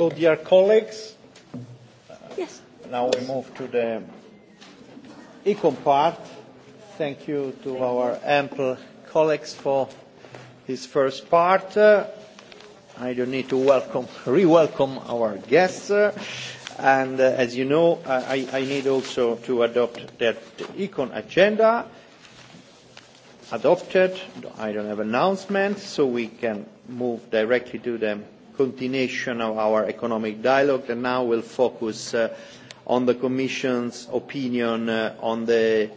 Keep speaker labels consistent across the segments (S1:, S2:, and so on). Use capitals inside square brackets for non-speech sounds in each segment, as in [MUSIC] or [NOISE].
S1: So, dear colleagues, yes. now we move to the econ part. Thank you to our ample colleagues for this first part. Uh, I don't need to welcome, re-welcome our guests. Uh, and uh, as you know, uh, I, I need also to adopt that econ agenda adopted. I don't have announcements, so we can move directly to the continuation of our economic dialogue and now will focus uh, on the Commission's opinion uh, on the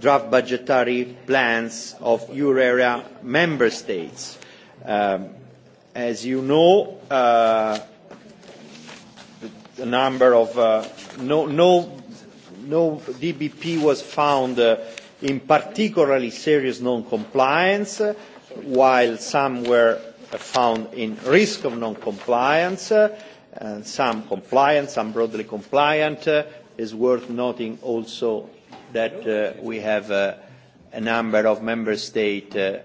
S1: draft budgetary plans of euro area member states. Um, as you know, uh, the number of uh, no, no, no DBP was found uh, in particularly serious non-compliance, uh, while some were found in risk of non-compliance, uh, and some compliant, some broadly compliant. Uh, is worth noting also that uh, we have uh, a number of member states uh,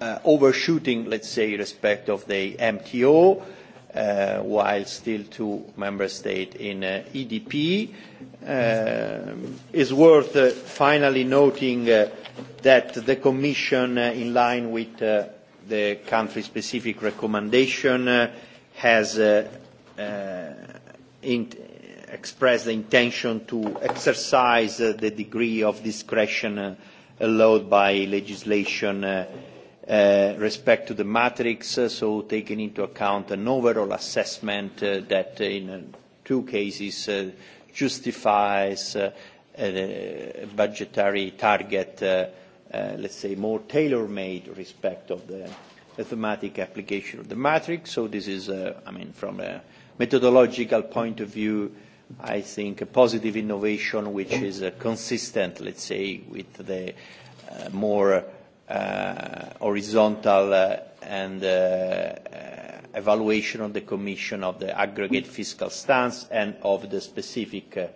S1: uh, overshooting, let's say, respect of the MTO, uh, while still two member states in uh, EDP. Uh, is worth uh, finally noting uh, that the Commission, uh, in line with uh, the country-specific recommendation uh, has uh, uh, in expressed the intention to exercise uh, the degree of discretion uh, allowed by legislation uh, uh, respect to the matrix, uh, so taking into account an overall assessment uh, that in uh, two cases uh, justifies uh, a budgetary target uh, uh, let's say, more tailor-made respect of the mathematic application of the matrix. So this is, uh, I mean, from a methodological point of view, I think a positive innovation which is uh, consistent, let's say, with the uh, more uh, horizontal uh, and uh, uh, evaluation of the Commission of the aggregate fiscal stance and of the specific uh,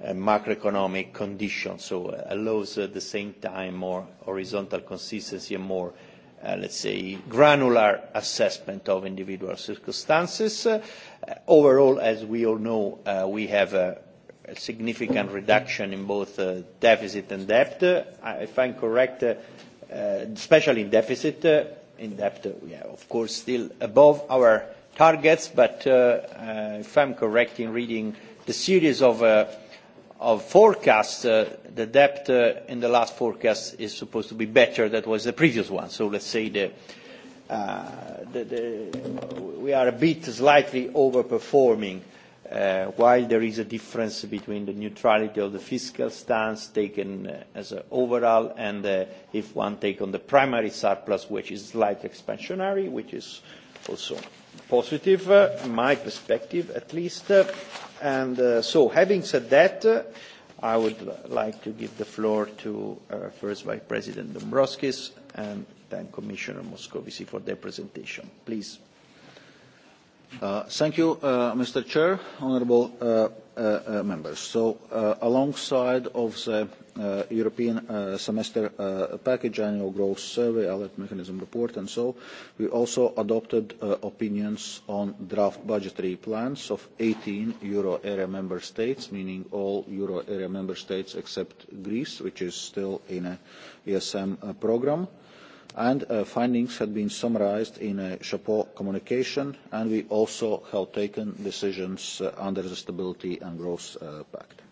S1: Uh, macroeconomic conditions, so uh, allows at uh, the same time more horizontal consistency and more, uh, let's say, granular assessment of individual circumstances. Uh, overall, as we all know, uh, we have a, a significant reduction in both uh, deficit and debt. Uh, if I'm correct, uh, uh, especially in deficit, uh, in debt, uh, we yeah, are of course still above our targets, but uh, uh, if I'm correct in reading the series of uh, of forecast, uh, the debt uh, in the last forecast is supposed to be better than was the previous one. So let's say the, uh, the, the, we are a bit slightly overperforming, uh, while there is a difference between the neutrality of the fiscal stance taken uh, as an overall and uh, if one take on the primary surplus, which is slightly expansionary, which is also positive, uh, my perspective at least. Uh, and uh, so having said that, uh, I would like to give the floor to uh, first Vice President Dombrovskis
S2: and then Commissioner Moscovici for their presentation. Please. Uh, thank you, uh, Mr. Chair, honorable uh, uh, uh, members. So uh, alongside of the uh, European uh, semester uh, package, annual growth survey, alert mechanism report, and so. We also adopted uh, opinions on draft budgetary plans of 18 euro area member states, meaning all euro area member states except Greece, which is still in a ESM uh, program. And uh, findings had been summarized in a Chapeau communication, and we also have taken decisions uh, under the Stability and Growth uh, Pact.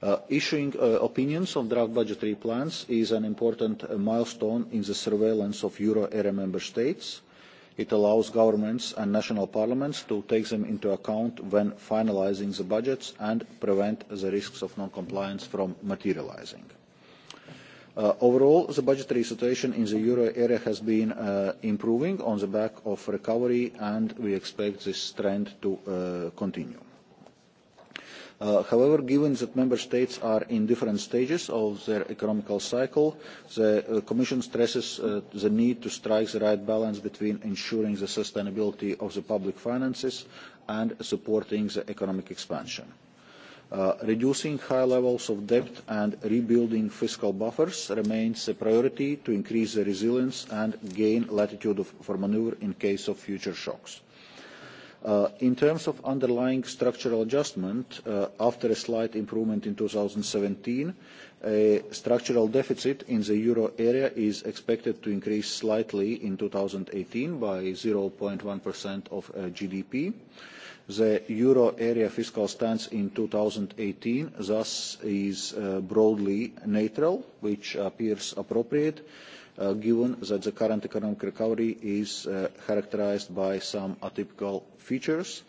S2: Uh, issuing uh, opinions on draft budgetary plans is an important uh, milestone in the surveillance of euro area member states. It allows governments and national parliaments to take them into account when finalizing the budgets and prevent the risks of non-compliance from materializing. Uh, overall, the budgetary situation in the euro area has been uh, improving on the back of recovery, and we expect this trend to uh, continue. Uh, however, given that member states are in different stages of their economical cycle, the uh, Commission stresses uh, the need to strike the right balance between ensuring the sustainability of the public finances and supporting the economic expansion. Uh, reducing high levels of debt and rebuilding fiscal buffers remains a priority to increase the resilience and gain latitude of, for maneuver in case of future shocks. Uh, in terms of underlying structural adjustment, uh, after a slight improvement in 2017, a structural deficit in the euro area is expected to increase slightly in 2018 by 0.1% of uh, GDP. The euro area fiscal stance in 2018 thus is uh, broadly neutral, which appears appropriate uh, given that the current economic recovery is uh, characterized by some atypical features.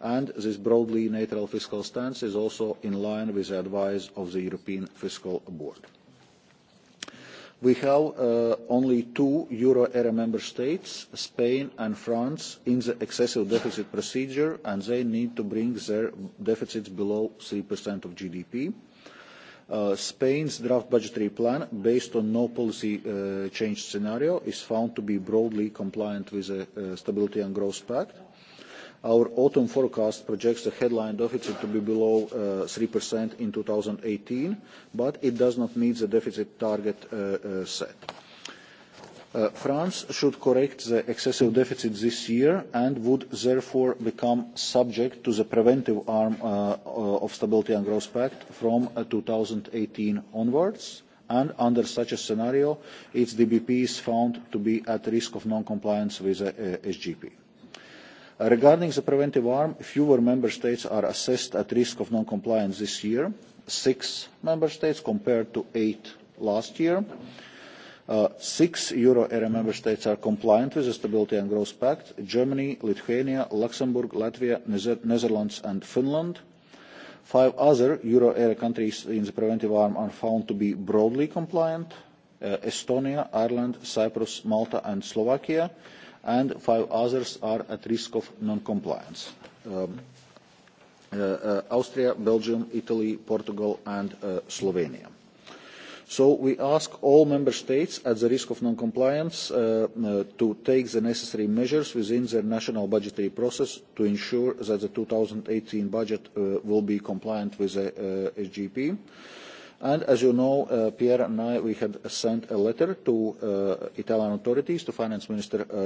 S2: And this broadly neutral fiscal stance is also in line with the advice of the European Fiscal Board. We have uh, only two euro area member states, Spain and France, in the excessive deficit procedure, and they need to bring their deficits below 3% of GDP. Uh, Uh, Spain's draft budgetary plan, based on no policy uh, change scenario, is found to be broadly compliant with the uh, Stability and Growth Pact. Our autumn forecast projects the headline deficit to be below uh, 3% in 2018, but it does not meet the deficit target uh, uh, set. Uh, Uh, France should correct the excessive deficit this year and would therefore become subject to the preventive arm uh, uh of Stability and Growth Pact from uh, 2018 onwards. And under such a scenario, its DBP is found to be at risk of non-compliance with the uh, SGP. Uh, regarding the preventive arm, fewer member states are assessed at risk of non-compliance this year, six member states compared to eight last year. Uh, Uh, six euro area member states are compliant with the Stability and Growth Pact Germany, Lithuania, Luxembourg, Latvia, Nether- Netherlands, and Finland. Five other euro area countries in the preventive arm are found to be broadly compliant uh, Estonia, Ireland, Cyprus, Malta, and Slovakia, and five others are at risk of non compliance. Um, uh, uh, Austria, Belgium, Italy, Portugal, and uh, Slovenia So we ask all member states at the risk of non-compliance uh, uh, to take the necessary measures within their national budgetary process to ensure that the 2018 budget uh, will be compliant with the uh, SGP. Uh, And as you know, uh, Pierre and I, we had sent a letter to uh, Italian authorities, to Finance Minister uh, uh,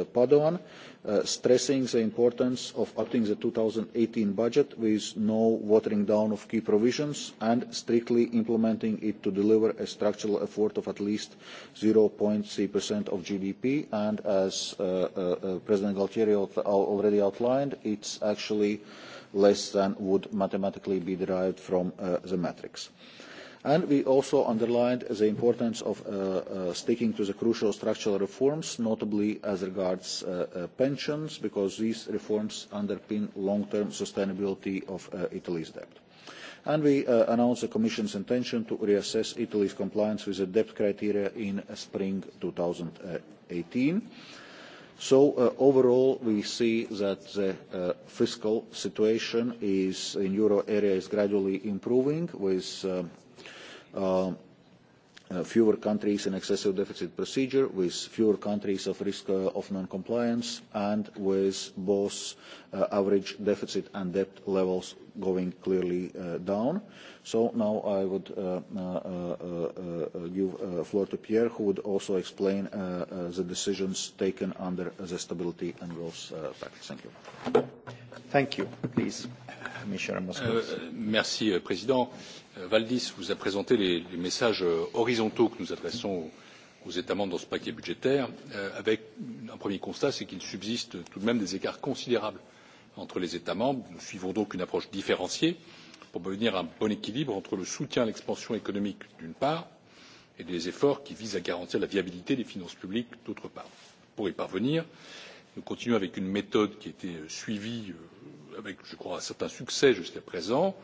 S2: uh Padoan, uh, stressing the importance of upping the 2018 budget with no watering down of key provisions and strictly implementing it to deliver a structural effort of at least 0.3% of GDP. And as uh, uh, uh President Galtieri al already outlined, it's actually less than would mathematically be derived from uh, the matrix. Uh, And we also underlined the importance of uh, uh, sticking to the crucial structural reforms, notably as regards uh, uh, pensions, because these reforms underpin long-term sustainability of uh, Italy's debt. And we uh, announced the Commission's intention to reassess Italy's compliance with the debt criteria in spring 2018. So uh, overall, we see that the uh, fiscal situation is, in euro area is gradually improving with uh, uh, uh, fewer countries in excessive deficit procedure, with fewer countries of risk uh, of non-compliance, and with both uh, average deficit and debt levels going clearly uh, down. So now I would uh, uh, uh, uh, uh give uh, floor to Pierre, who would also explain uh, uh, the decisions taken under the Stability and Growth uh, Pact. Thank you. Thank you. Please. Euh,
S3: merci, euh, Président. Euh, Valdis vous a présenté les, les messages horizontaux que nous adressons aux États membres dans ce paquet budgétaire, avec un premier constat, c'est qu'il subsiste tout de même des écarts considérables entre les États membres. Nous suivons donc une approche différenciée pour parvenir à un bon équilibre entre le soutien à l'expansion économique, d'une part, et les efforts qui visent à garantir la viabilité des finances publiques, d'autre part. Pour y parvenir, nous continuons avec une méthode qui a été suivie avec je crois un certain succès jusqu'à présent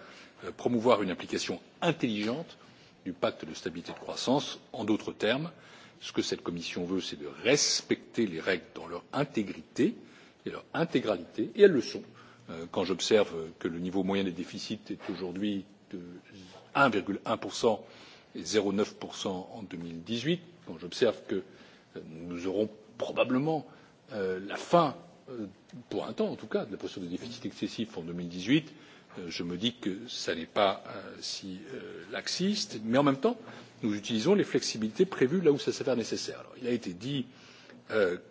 S3: euh, promouvoir une application intelligente du pacte de stabilité et de croissance. en d'autres termes ce que cette commission veut c'est respecter les règles dans leur intégrité et leur intégralité et elles le sont euh, quand j'observe que le niveau moyen des déficits est aujourd'hui de un un et zéro neuf en deux mille dix huit quand j'observe que euh, nous aurons probablement la fin Euh, pour un temps en tout cas de la pression des déficits excessifs en deux mille dix huit euh, je me dis que ce n'est pas euh, si laxiste mais en même temps nous utilisons les flexibilités prévues là où cela s'avère nécessaire. il a été dit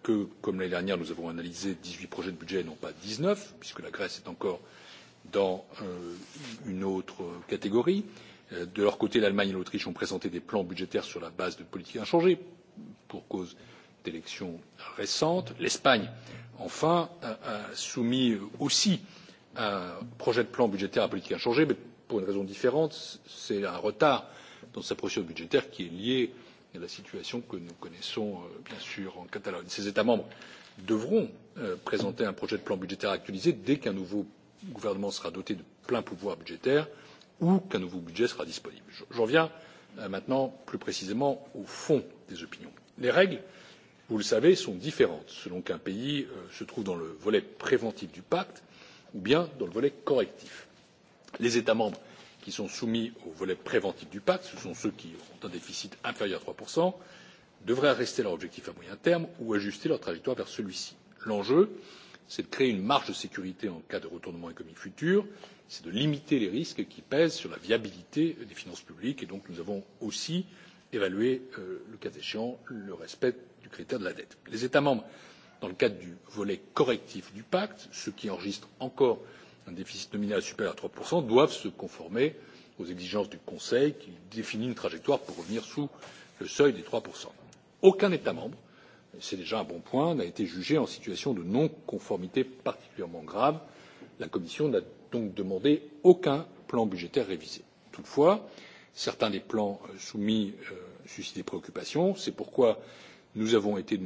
S3: que comme l'année dernière nous avons analysé dix huit projets de budget et non pas dix neuf puisque la grèce est encore dans une autre catégorie. de leur côté l'allemagne et l'autriche ont présenté des plans budgétaires sur la base de politiques inchangées pour cause d'élections récentes. l'espagne enfin euh, euh, soumis aussi à euh, un projet de plan budgétaire à politique inchangée mais pour une raison différente c'est un retard dans sa procédure budgétaire qui est lié à la situation que nous connaissons bien sûr en catalogne. ces états membres devront présenter un projet de plan budgétaire actualisé dès qu'un nouveau gouvernement sera doté de pleins pouvoirs budgétaires ou qu'un nouveau budget sera disponible. j'en viens maintenant plus précisément au fond des opinions. les règles vous le savez sont différentes selon qu'un pays euh, se trouve dans le volet préventif du pacte ou bien dans le volet correctif. les états membres qui sont soumis au volet préventif du pacte ce sont ceux qui ont un déficit inférieur à trois devraient rester leur objectif à moyen terme ou ajuster leur trajectoire vers celui ci. l'enjeu c'est de créer une marge de sécurité en cas de retournement économique futur c'est de limiter les risques qui pèsent sur la viabilité des finances publiques et donc nous avons aussi évalué euh, le cas échéant le respect du critère de la dette. les états membres dans le cadre du volet correctif du pacte ceux qui enregistrent encore un déficit nominal supérieur à trois doivent se conformer aux exigences du conseil qui définit une trajectoire pour revenir sous le seuil des. trois aucun état membre et c'est déjà un bon point n'a été jugé en situation de non conformité particulièrement grave. la commission n'a donc demandé aucun plan budgétaire révisé. toutefois certains des plans euh, soumis euh, suscitent des préoccupations c'est pourquoi nous avons été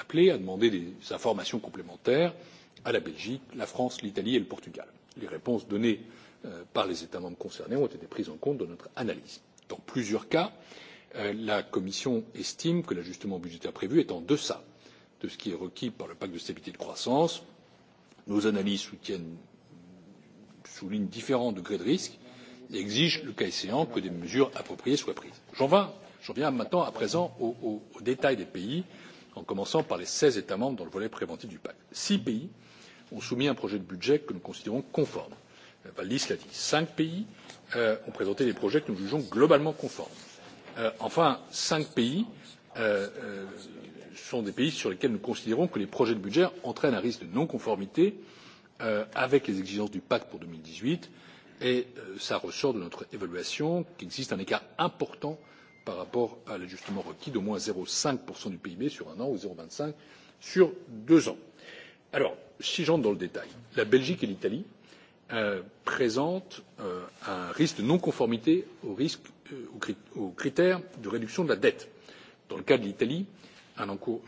S3: appelés à demander des informations complémentaires à la belgique la france l'italie et le portugal. les réponses données euh, par les états membres concernés ont été prises en compte dans notre analyse. dans plusieurs cas euh, la commission estime que l'ajustement budgétaire prévu est en deçà de ce qui est requis par le pacte de stabilité et de croissance. nos analyses soulignent différents degrés de risque et exigent le cas échéant que des mesures appropriées soient prises. j'en j'en viens maintenant à présent au détail des pays en commençant par les seize états membres dans le volet préventif du pacte. six pays ont soumis un projet de budget que nous considérons conforme wallis l'a dit cinq pays euh, ont présenté des projets que nous jugeons globalement conformes. Euh, enfin cinq pays euh, sont des pays sur lesquels nous considérons que les projets de budget entraînent un risque de non conformité avec les exigences du pacte pour deux mille dix huit et cela ressort de notre évaluation qu'il existe un écart important par rapport à l'ajustement requis d'au moins zéro cinq du pib sur un an ou zéro vingt cinq sur deux ans. alors si j'entre dans le détail la belgique et l'italie euh, présentent euh, un risque de non conformité aux euh, critères de réduction de la dette. dans le cas de l'italie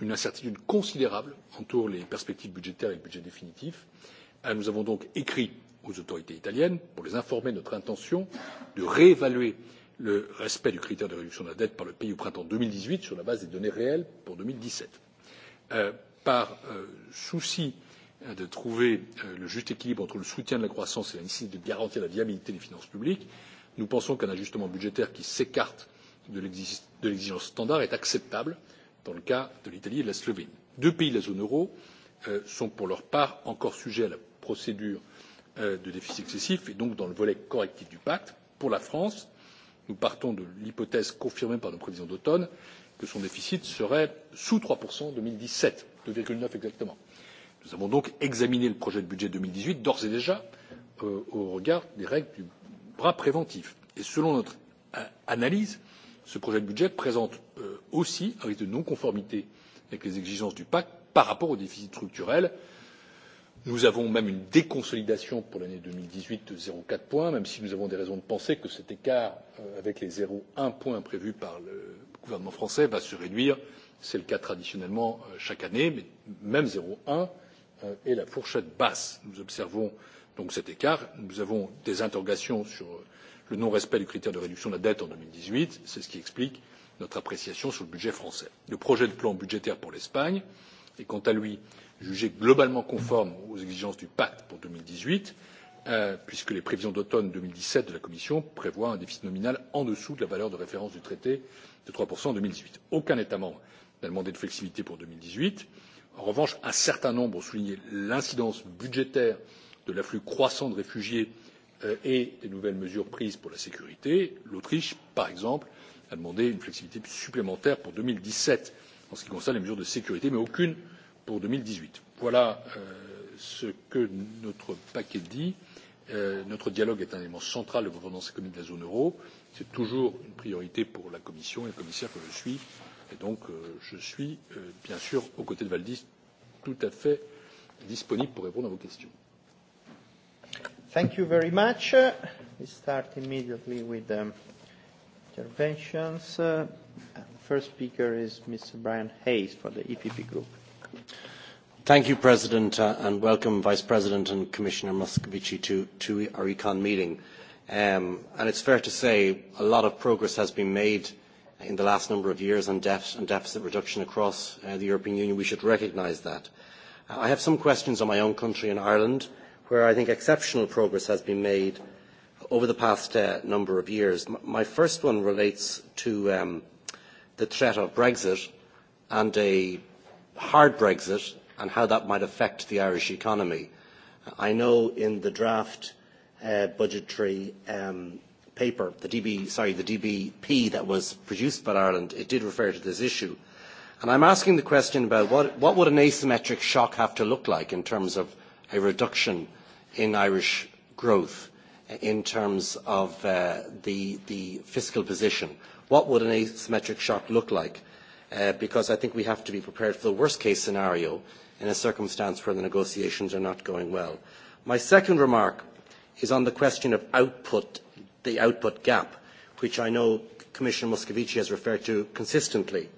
S3: une incertitude considérable entoure les perspectives budgétaires et le budget définitif. nous avons donc écrit aux autorités italiennes pour les informer de notre intention de réévaluer le respect du critère de réduction de la dette par le pays au printemps deux mille dix huit sur la base des données réelles pour deux mille dix sept euh, par euh, souci euh, de trouver le juste équilibre entre le soutien de la croissance et la nécessité de garantir la viabilité des finances publiques nous pensons qu'un ajustement budgétaire qui s'écarte de l'exigence standard est acceptable dans le cas de l'italie et de la slovénie. deux pays de la zone euro sont pour leur part encore sujets à la procédure de déficit excessif et donc dans le volet correctif du pacte pour la france nous partons de l'hypothèse confirmée par nos prévisions d'automne que son déficit serait sous trois en deux mille dix sept deux neuf exactement. nous avons donc examiné le projet de budget deux mille dix huit d'ores et déjà euh, au regard des règles du bras préventif et selon notre euh, analyse ce projet de budget présente euh, aussi un risque de non conformité avec les exigences du pacte par rapport au déficit structurel nous avons même une déconsolidation pour l'année deux mille dix huit de zéro quatre point même si nous avons des raisons de penser que cet écart euh, avec les zéro un point prévus par le gouvernement français va se réduire c'est le cas traditionnellement euh, chaque année mais même zéro un euh, est la fourchette basse. nous observons donc cet écart nous avons des interrogations sur le non respect du critère de réduction de la dette en deux mille dix huit c'est ce qui explique notre appréciation sur le budget français. le projet de plan budgétaire pour l'espagne est quant à lui jugée globalement conforme aux exigences du pacte pour deux mille dix huit euh, puisque les prévisions d'automne deux mille dix sept de la commission prévoient un déficit nominal en dessous de la valeur de référence du traité de trois en. deux mille dix huit aucun état membre n'a demandé de flexibilité pour. deux mille dix huit en revanche un certain nombre ont souligné l'incidence budgétaire de l'afflux croissant de réfugiés euh, et des nouvelles mesures prises pour la sécurité l'autriche par exemple a demandé une flexibilité supplémentaire pour deux mille dix sept en ce qui concerne les mesures de sécurité mais aucune pour. deux mille dix huit voilà euh, ce que notre paquet dit. Euh, notre dialogue est un élément central de la gouvernance économique de la zone euro. c'est toujours une priorité pour la commission et le commissaire que je suis et donc euh, je suis bien sûr aux côtés de valdis tout à fait disponible pour répondre à vos questions.
S1: Thank you very much. We start immediately with the um, interventions. Uh, first speaker is Mr. Brian
S4: Hayes for the EPP Group. Thank you, President, uh, and welcome Vice President and Commissioner Moscovici to, to our econ meeting. Um, and it's fair to say a lot of progress has been made in the last number of years on debt and deficit reduction across uh, the European Union. We should recognise that. Uh, I have some questions on my own country in Ireland, where I think exceptional progress has been made over the past uh, number of years. M my first one relates to um, the threat of Brexit and a hard Brexit and how that might affect the Irish economy. I know in the draft uh, budgetary um, paper, the DB, sorry, the DBP that was produced by Ireland, it did refer to this issue. And I'm asking the question about what, what would an asymmetric shock have to look like in terms of a reduction in Irish growth in terms of uh, the, the fiscal position? What would an asymmetric shock look like? Uh, because I think we have to be prepared for the worst case scenario in a circumstance where the negotiations are not going well. My second remark is on the question of output, the output gap, which I know Commissioner Moscovici has referred to consistently.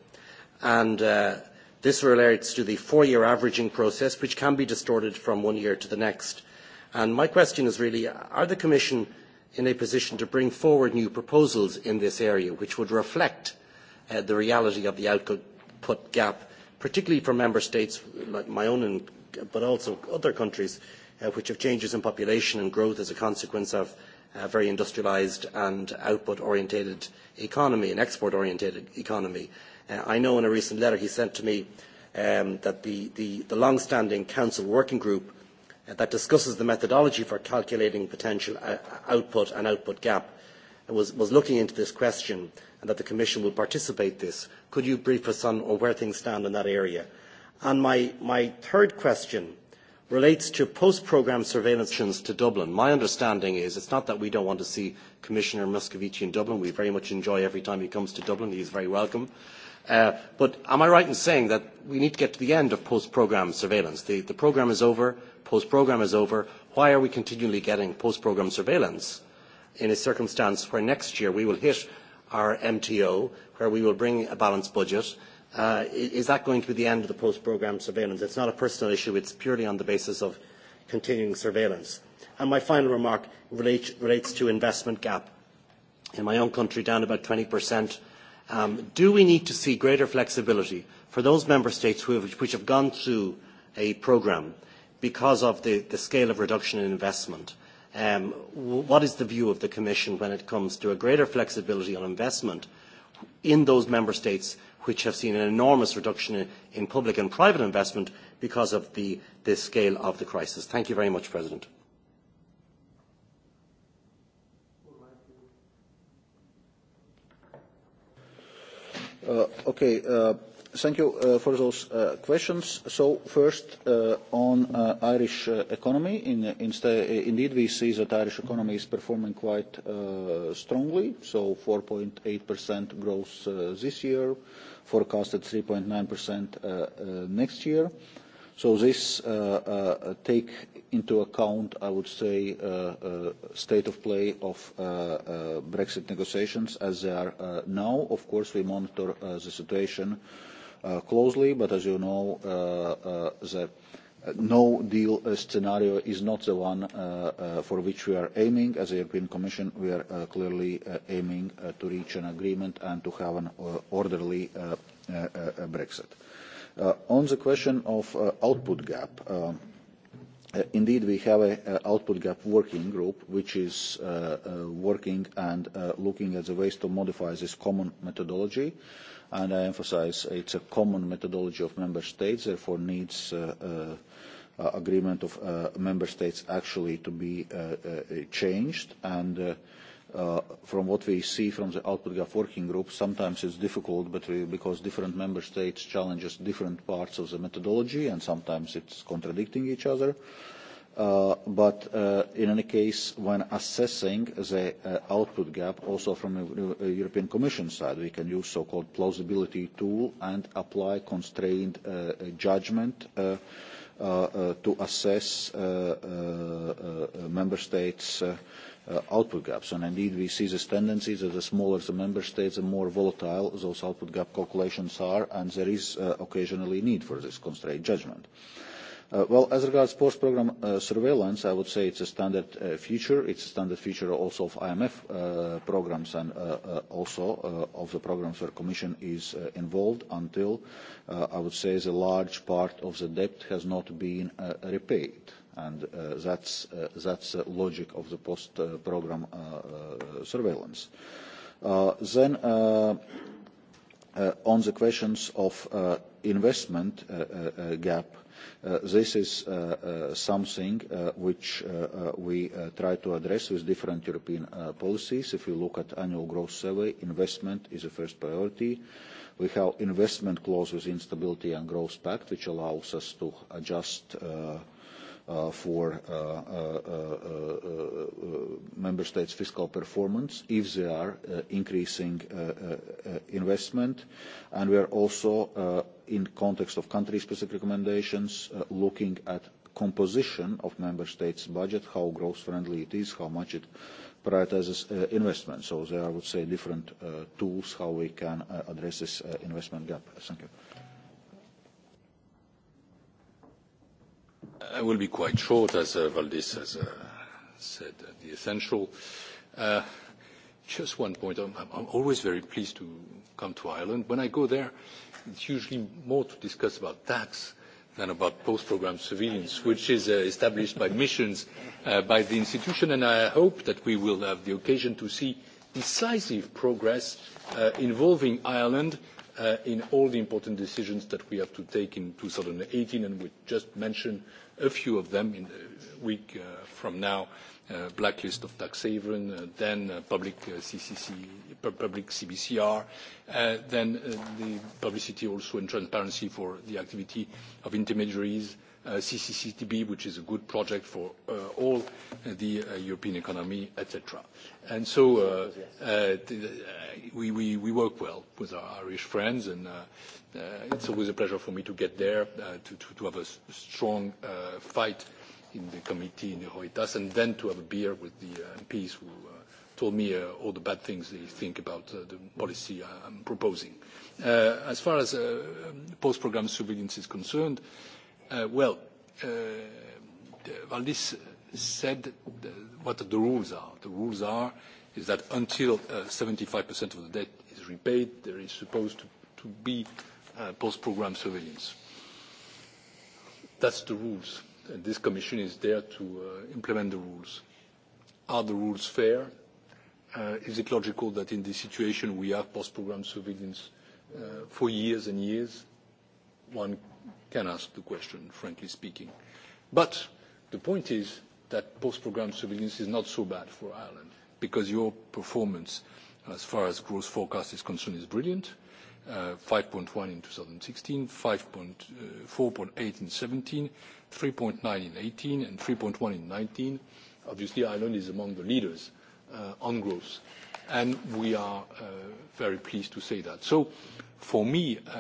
S4: And uh, this relates to the four-year averaging process, which can be distorted from one year to the next. And my question is really, are the Commission in a position to bring forward new proposals in this area, which would reflect uh, the reality of the output gap particularly for member states like my own, and, but also other countries, uh, which have changes in population and growth as a consequence of a uh, very industrialised and output-orientated economy, an export-orientated economy. Uh, I know in a recent letter he sent to me um, that the, the, the long-standing council working group uh, that discusses the methodology for calculating potential uh, output and output gap was, was looking into this question and that the Commission will participate this. Could you brief us on, on where things stand in that area? And my, my third question relates to post-programme surveillance to Dublin. My understanding is it's not that we don't want to see Commissioner Muscovici in Dublin. We very much enjoy every time he comes to Dublin. He's very welcome. Uh, but am I right in saying that we need to get to the end of post-programme surveillance? The, the programme is over, post-programme is over. Why are we continually getting post-programme surveillance in a circumstance where next year we will hit our MTO, where we will bring a balanced budget. Uh, is that going to be the end of the post-programme surveillance? It's not a personal issue, it's purely on the basis of continuing surveillance. And my final remark relate, relates to investment gap. In my own country, down about 20%. Um, do we need to see greater flexibility for those member states who have, which have gone through a programme because of the, the scale of reduction in investment? um, what is the view of the Commission when it comes to a greater flexibility on investment in those member states which have seen an enormous reduction in, in public and private investment because of the, the scale of the crisis? Thank you very much, President.
S2: Uh, okay. Uh thank you uh, for those uh, questions. So first, uh, on uh, Irish uh, economy, in, in st- uh, indeed we see that Irish economy is performing quite uh, strongly, so 4.8% growth uh, this year, forecasted 3.9% uh, uh, next year. So this uh, uh, take into account, I would say, uh, uh, state of play of uh, uh, Brexit negotiations as they are uh, now. Of course, we monitor uh, the situation uh, uh, closely, but as you know, uh, uh, the uh, no-deal uh, scenario is not the one uh, uh, for which we are aiming. As a European Commission, we are uh, clearly uh, aiming uh, to reach an agreement and to have an uh, orderly uh, uh, uh, Brexit. Uh, on the question of uh, output gap, uh, Uh, indeed, we have an uh, output gap working group, which is uh, uh, working and uh, looking at the ways to modify this common methodology and I emphasize it's a common methodology of member states, therefore needs uh, uh, uh, agreement of uh, member states actually to be uh, uh, changed. And uh, uh, from what we see from the output gap working group, sometimes it's difficult but we, because different member states challenges different parts of the methodology and sometimes it's contradicting each other. Uh, Uh, but uh, in any case, when assessing the uh, output gap, also from the uh, European Commission side, we can use so-called plausibility tool and apply constrained uh, judgment uh, to assess member states' output gaps. And indeed, we see this tendency that the smaller the member states, the more volatile those output gap calculations are, and there is occasionally need for this constrained judgment. Uh, Uh, well, as regards post-program uh, surveillance, I would say it's a standard uh, feature. It's a standard feature also of IMF uh, programs and uh, uh, also of the programs where Commission is involved until I would say the large part of the debt has not been repaid. And, that's, that's the logic of the post-program surveillance. Then, on the questions of investment gap, Uh, this is uh, uh, something uh, which uh, uh, we uh, try to address with different European uh, policies. If you look at annual growth survey, investment is the first priority. We have investment clause within stability and growth pact, which allows us to adjust uh, uh, for uh uh, uh, uh, uh, member states' fiscal performance if they are increasing investment. And we are also, in context of country-specific recommendations, looking at composition of member states' budget, how growth-friendly it is, how much it prioritizes uh, investment. So there, I would say, different uh, tools how we can uh, address this investment gap. Thank you.
S3: I will be quite short, as uh, Valdis has uh, said uh, the essential. Uh, just one point. I'm, I'm always very pleased to come to Ireland. When I go there, it's usually more to discuss about tax than about post-program surveillance, which is uh, established by missions uh, by the institution, and I hope that we will have the occasion to see decisive progress uh, involving Ireland uh, uh, in all the important decisions that we have to take in 2018, and we just mentioned a few of them in a week uh, from now, uh, blacklist of tax haven, uh, then uh, public CCC, uh, public CBCR, then the publicity also and transparency for the activity of intermediaries, Uh, CCCTB, which is a good project for uh, all uh, the European economy, et cetera. So, we, we, we work well with our Irish friends, and it's always a pleasure for me to get there, to, to, to have a strong fight in the committee in the Hortas, and then to have a beer with the MPs who told me uh, all the bad things they think about uh, the policy I'm proposing. Uh, as far as post-programme surveillance is concerned, Uh, well, uh, Valdis said what the rules are. The rules are is that until uh, 75% of the debt is repaid, there is supposed to, to be uh, post-program surveillance. That's the rules, and this commission is there to uh, implement the rules. Are the rules fair? Uh, is it logical that in this situation we have post-program surveillance for years and years? One can ask the question, frankly speaking. But the point is that post-programme surveillance is not so bad for Ireland because your performance as far as growth forecast is concerned is brilliant. Uh, 5.1 in 2016, 4.8 uh, in 2017, 3.9 in 2018, and 3.1 in 2019. Obviously, Ireland is among the leaders uh, on growth, and we are uh, very pleased to say that. So, for me, uh,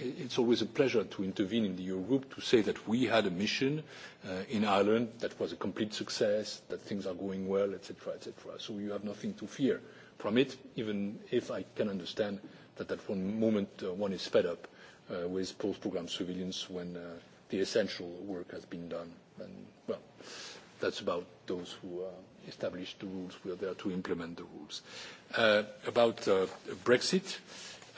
S3: it's always a pleasure to intervene in the Eurogroup to say that we had a mission uh, in Ireland that was a complete success, that things are going well, et cetera, et cetera. So you have nothing to fear from it, even if I can understand that at one moment uh, one is fed up uh, with post-program surveillance when uh, the essential work has been done. And, well, that's about those who uh, established the rules. We are there to implement the rules. Uh, about Brexit,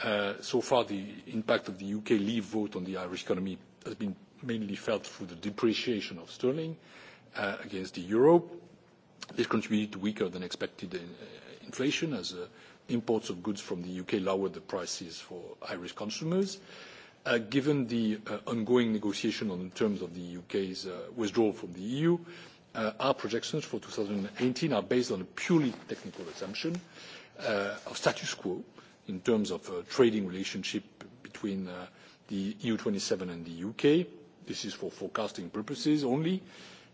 S3: Uh, so far, the impact of the UK leave vote on the Irish economy has been mainly felt through the depreciation of sterling uh, against the euro. This contributed to weaker than expected in, uh, inflation as uh, imports of goods from the U.K. lowered the prices for Irish consumers. Uh, given the uh, ongoing negotiation on the terms of the U.K.'s uh, withdrawal from the EU, uh, our projections for 2018 are based on a purely technical assumption uh, of status quo, in terms of a uh, trading relationship between uh, the eu twenty seven and the uk this is for forecasting purposes only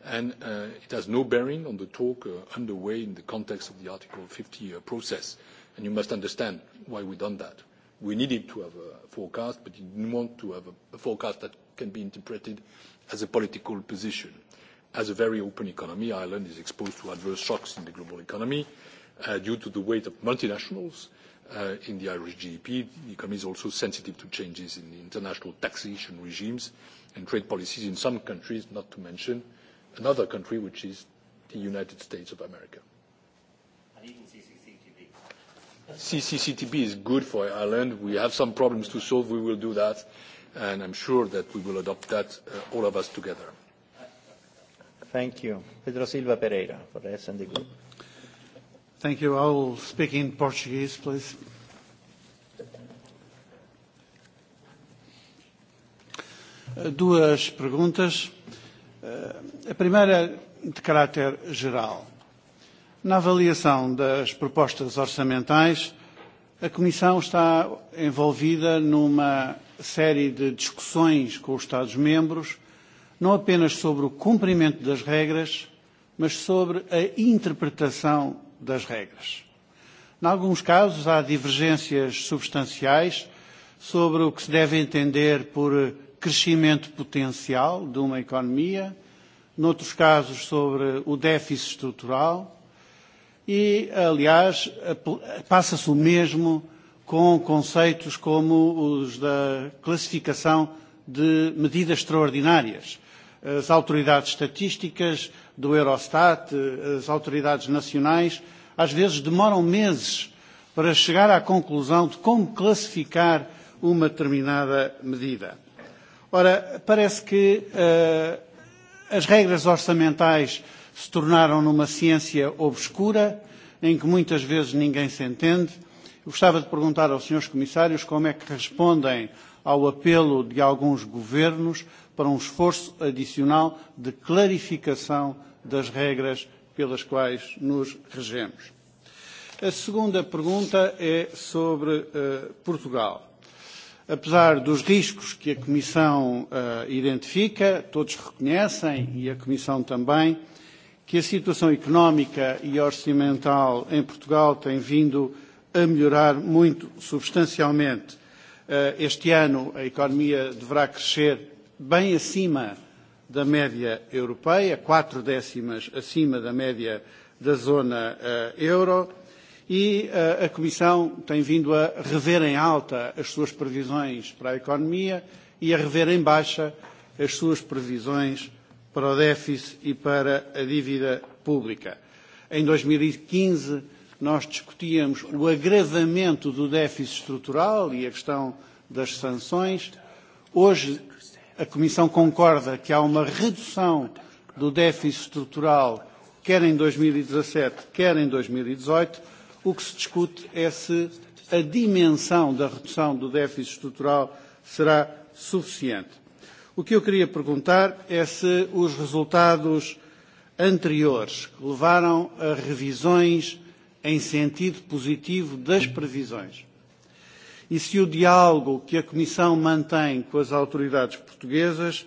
S3: and uh, it has no bearing on the talk uh, underway in the context of the article fifty uh, process and you must understand why we have done that. we needed to have a forecast but we did not want to have a forecast that can be interpreted as a political position. as a very open economy ireland is exposed to adverse shocks in the global economy uh, due to the weight of multinationals Uh, in the Irish GDP. The economy is also sensitive to changes in the international taxation regimes and trade policies in some countries, not to mention another country, which is the United States of America.
S4: And even CCCTB.
S3: CCCTB is good for Ireland. We have some problems to solve. We will do that, and I'm sure that we will adopt that, uh, all of us together. Thank
S1: you. Pedro Silva Pereira for the S&D Group.
S5: Thank you. I will speak in Portuguese, please. Uh, duas perguntas. Uh, a primeira de caráter geral. Na avaliação das propostas orçamentais, a Comissão está envolvida numa série de discussões com os Estados-membros, não apenas sobre o cumprimento das regras, mas sobre a interpretação das regras. Em alguns casos, há divergências substanciais sobre o que se deve entender por crescimento potencial de uma economia, noutros casos, sobre o déficit estrutural, e, aliás, passa-se o mesmo com conceitos como os da classificação de medidas extraordinárias. As autoridades estatísticas do Eurostat, eh, as autoridades nacionais, às vezes demoram meses para chegar à conclusão de como classificar uma determinada medida. Ora, parece que uh, as regras orçamentais se tornaram numa ciência obscura, em que muitas vezes ninguém se entende. Eu gostava de perguntar aos senhores comissários como é que respondem ao apelo de alguns governos para um esforço adicional de clarificação das regras pelas quais nos regemos. A segunda pergunta é sobre uh, Portugal. Apesar dos riscos que a Comissão uh, identifica, todos reconhecem, e a Comissão também, que a situação económica e orçamental em Portugal tem vindo a melhorar muito substancialmente. Uh, este ano a economia deverá crescer bem acima da média europeia, quatro décimas acima da média da zona uh, euro, e uh, a Comissão tem vindo a rever em alta as suas previsões para a economia e a rever em baixa as suas previsões para o déficit e para a dívida pública. Em 2015, e nós discutíamos o agravamento do déficit estrutural e a questão das sanções. Hoje a Comissão concorda que há uma redução do déficit estrutural, quer em 2017, e quer em 2018. E o que se discute é se a dimensão da redução do déficit estrutural será suficiente. O que eu queria perguntar é se os resultados anteriores que levaram a revisões em sentido positivo das previsões e se o diálogo que a Comissão mantém com as autoridades portuguesas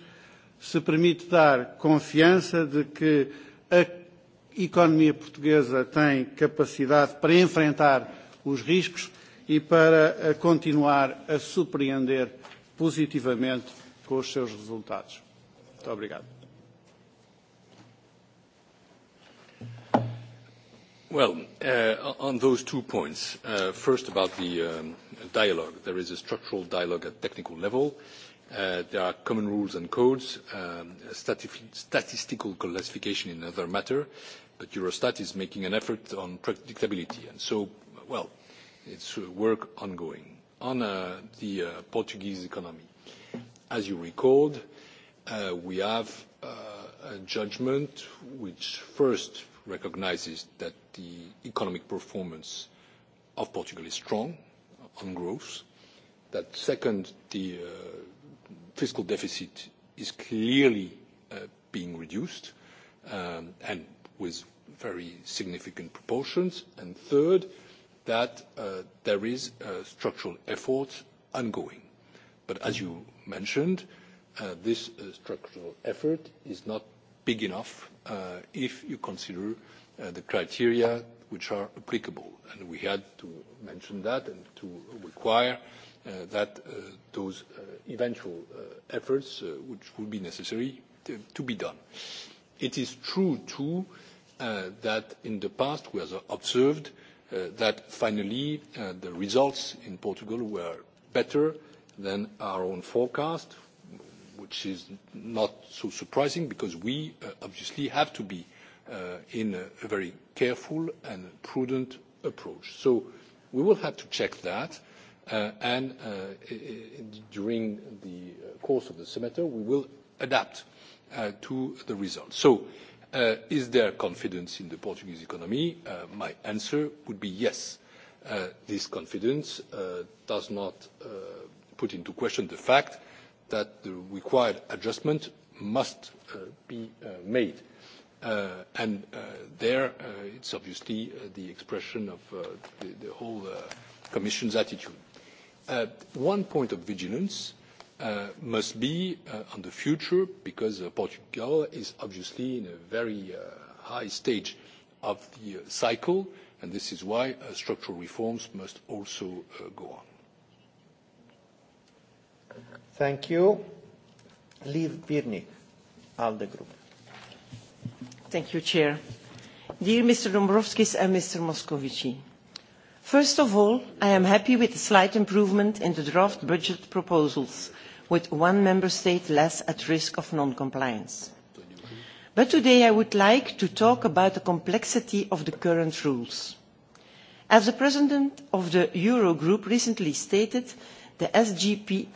S5: se permite dar confiança de que a economia portuguesa tem capacidade para enfrentar os riscos e para continuar a surpreender positivamente com os seus resultados. Muito obrigado.
S3: Well, uh, on those two points, uh, first about the um, dialogue. There is a structural dialogue at technical level. Uh, there are common rules and codes, um, stati statistical classification in another matter, but Eurostat is making an effort on predictability, and so, well, it's work ongoing. On uh, the uh, Portuguese economy, as you recalled, uh, we have a judgment which first recognizes that the economic performance of Portugal is strong on growth. That second, the uh, fiscal deficit is clearly uh, being reduced, um, and with very significant proportions. And third, that uh, there is structural effort ongoing. But as you mentioned, this structural effort is not big enough uh, if you consider uh, the criteria which are applicable. And we had to mention that and to require uh, that uh, those uh, eventual uh, efforts uh, which would be necessary to, to be done. It is true, too, uh, that in the past we have observed uh, that finally uh, the results in Portugal were better than our own forecast which is not so surprising because we uh, obviously have to be uh, in a very careful and prudent approach. so we will have to check that uh, and during the course of the semester we will adapt to the results. so is there confidence in the portuguese economy? my answer would be yes. this confidence does not put into question the fact that the required adjustment must uh, be uh, made. Uh, and uh, there, uh, it's obviously uh, the expression of the, the whole commission's attitude. One point of vigilance must be on the future, because Portugal is obviously in a very high stage of the cycle, and this is why structural reforms must also go on
S1: Thank
S6: you. Liv Virnik, ALDE Group. Thank you, Chair. Dear Mr. Dombrovskis and Mr. Moscovici, first of all, I am happy with the slight improvement in the draft budget proposals, with one member state less at risk of non-compliance. But today I would like to talk about the complexity of the current rules. As the President of the Eurogroup recently stated, the SGP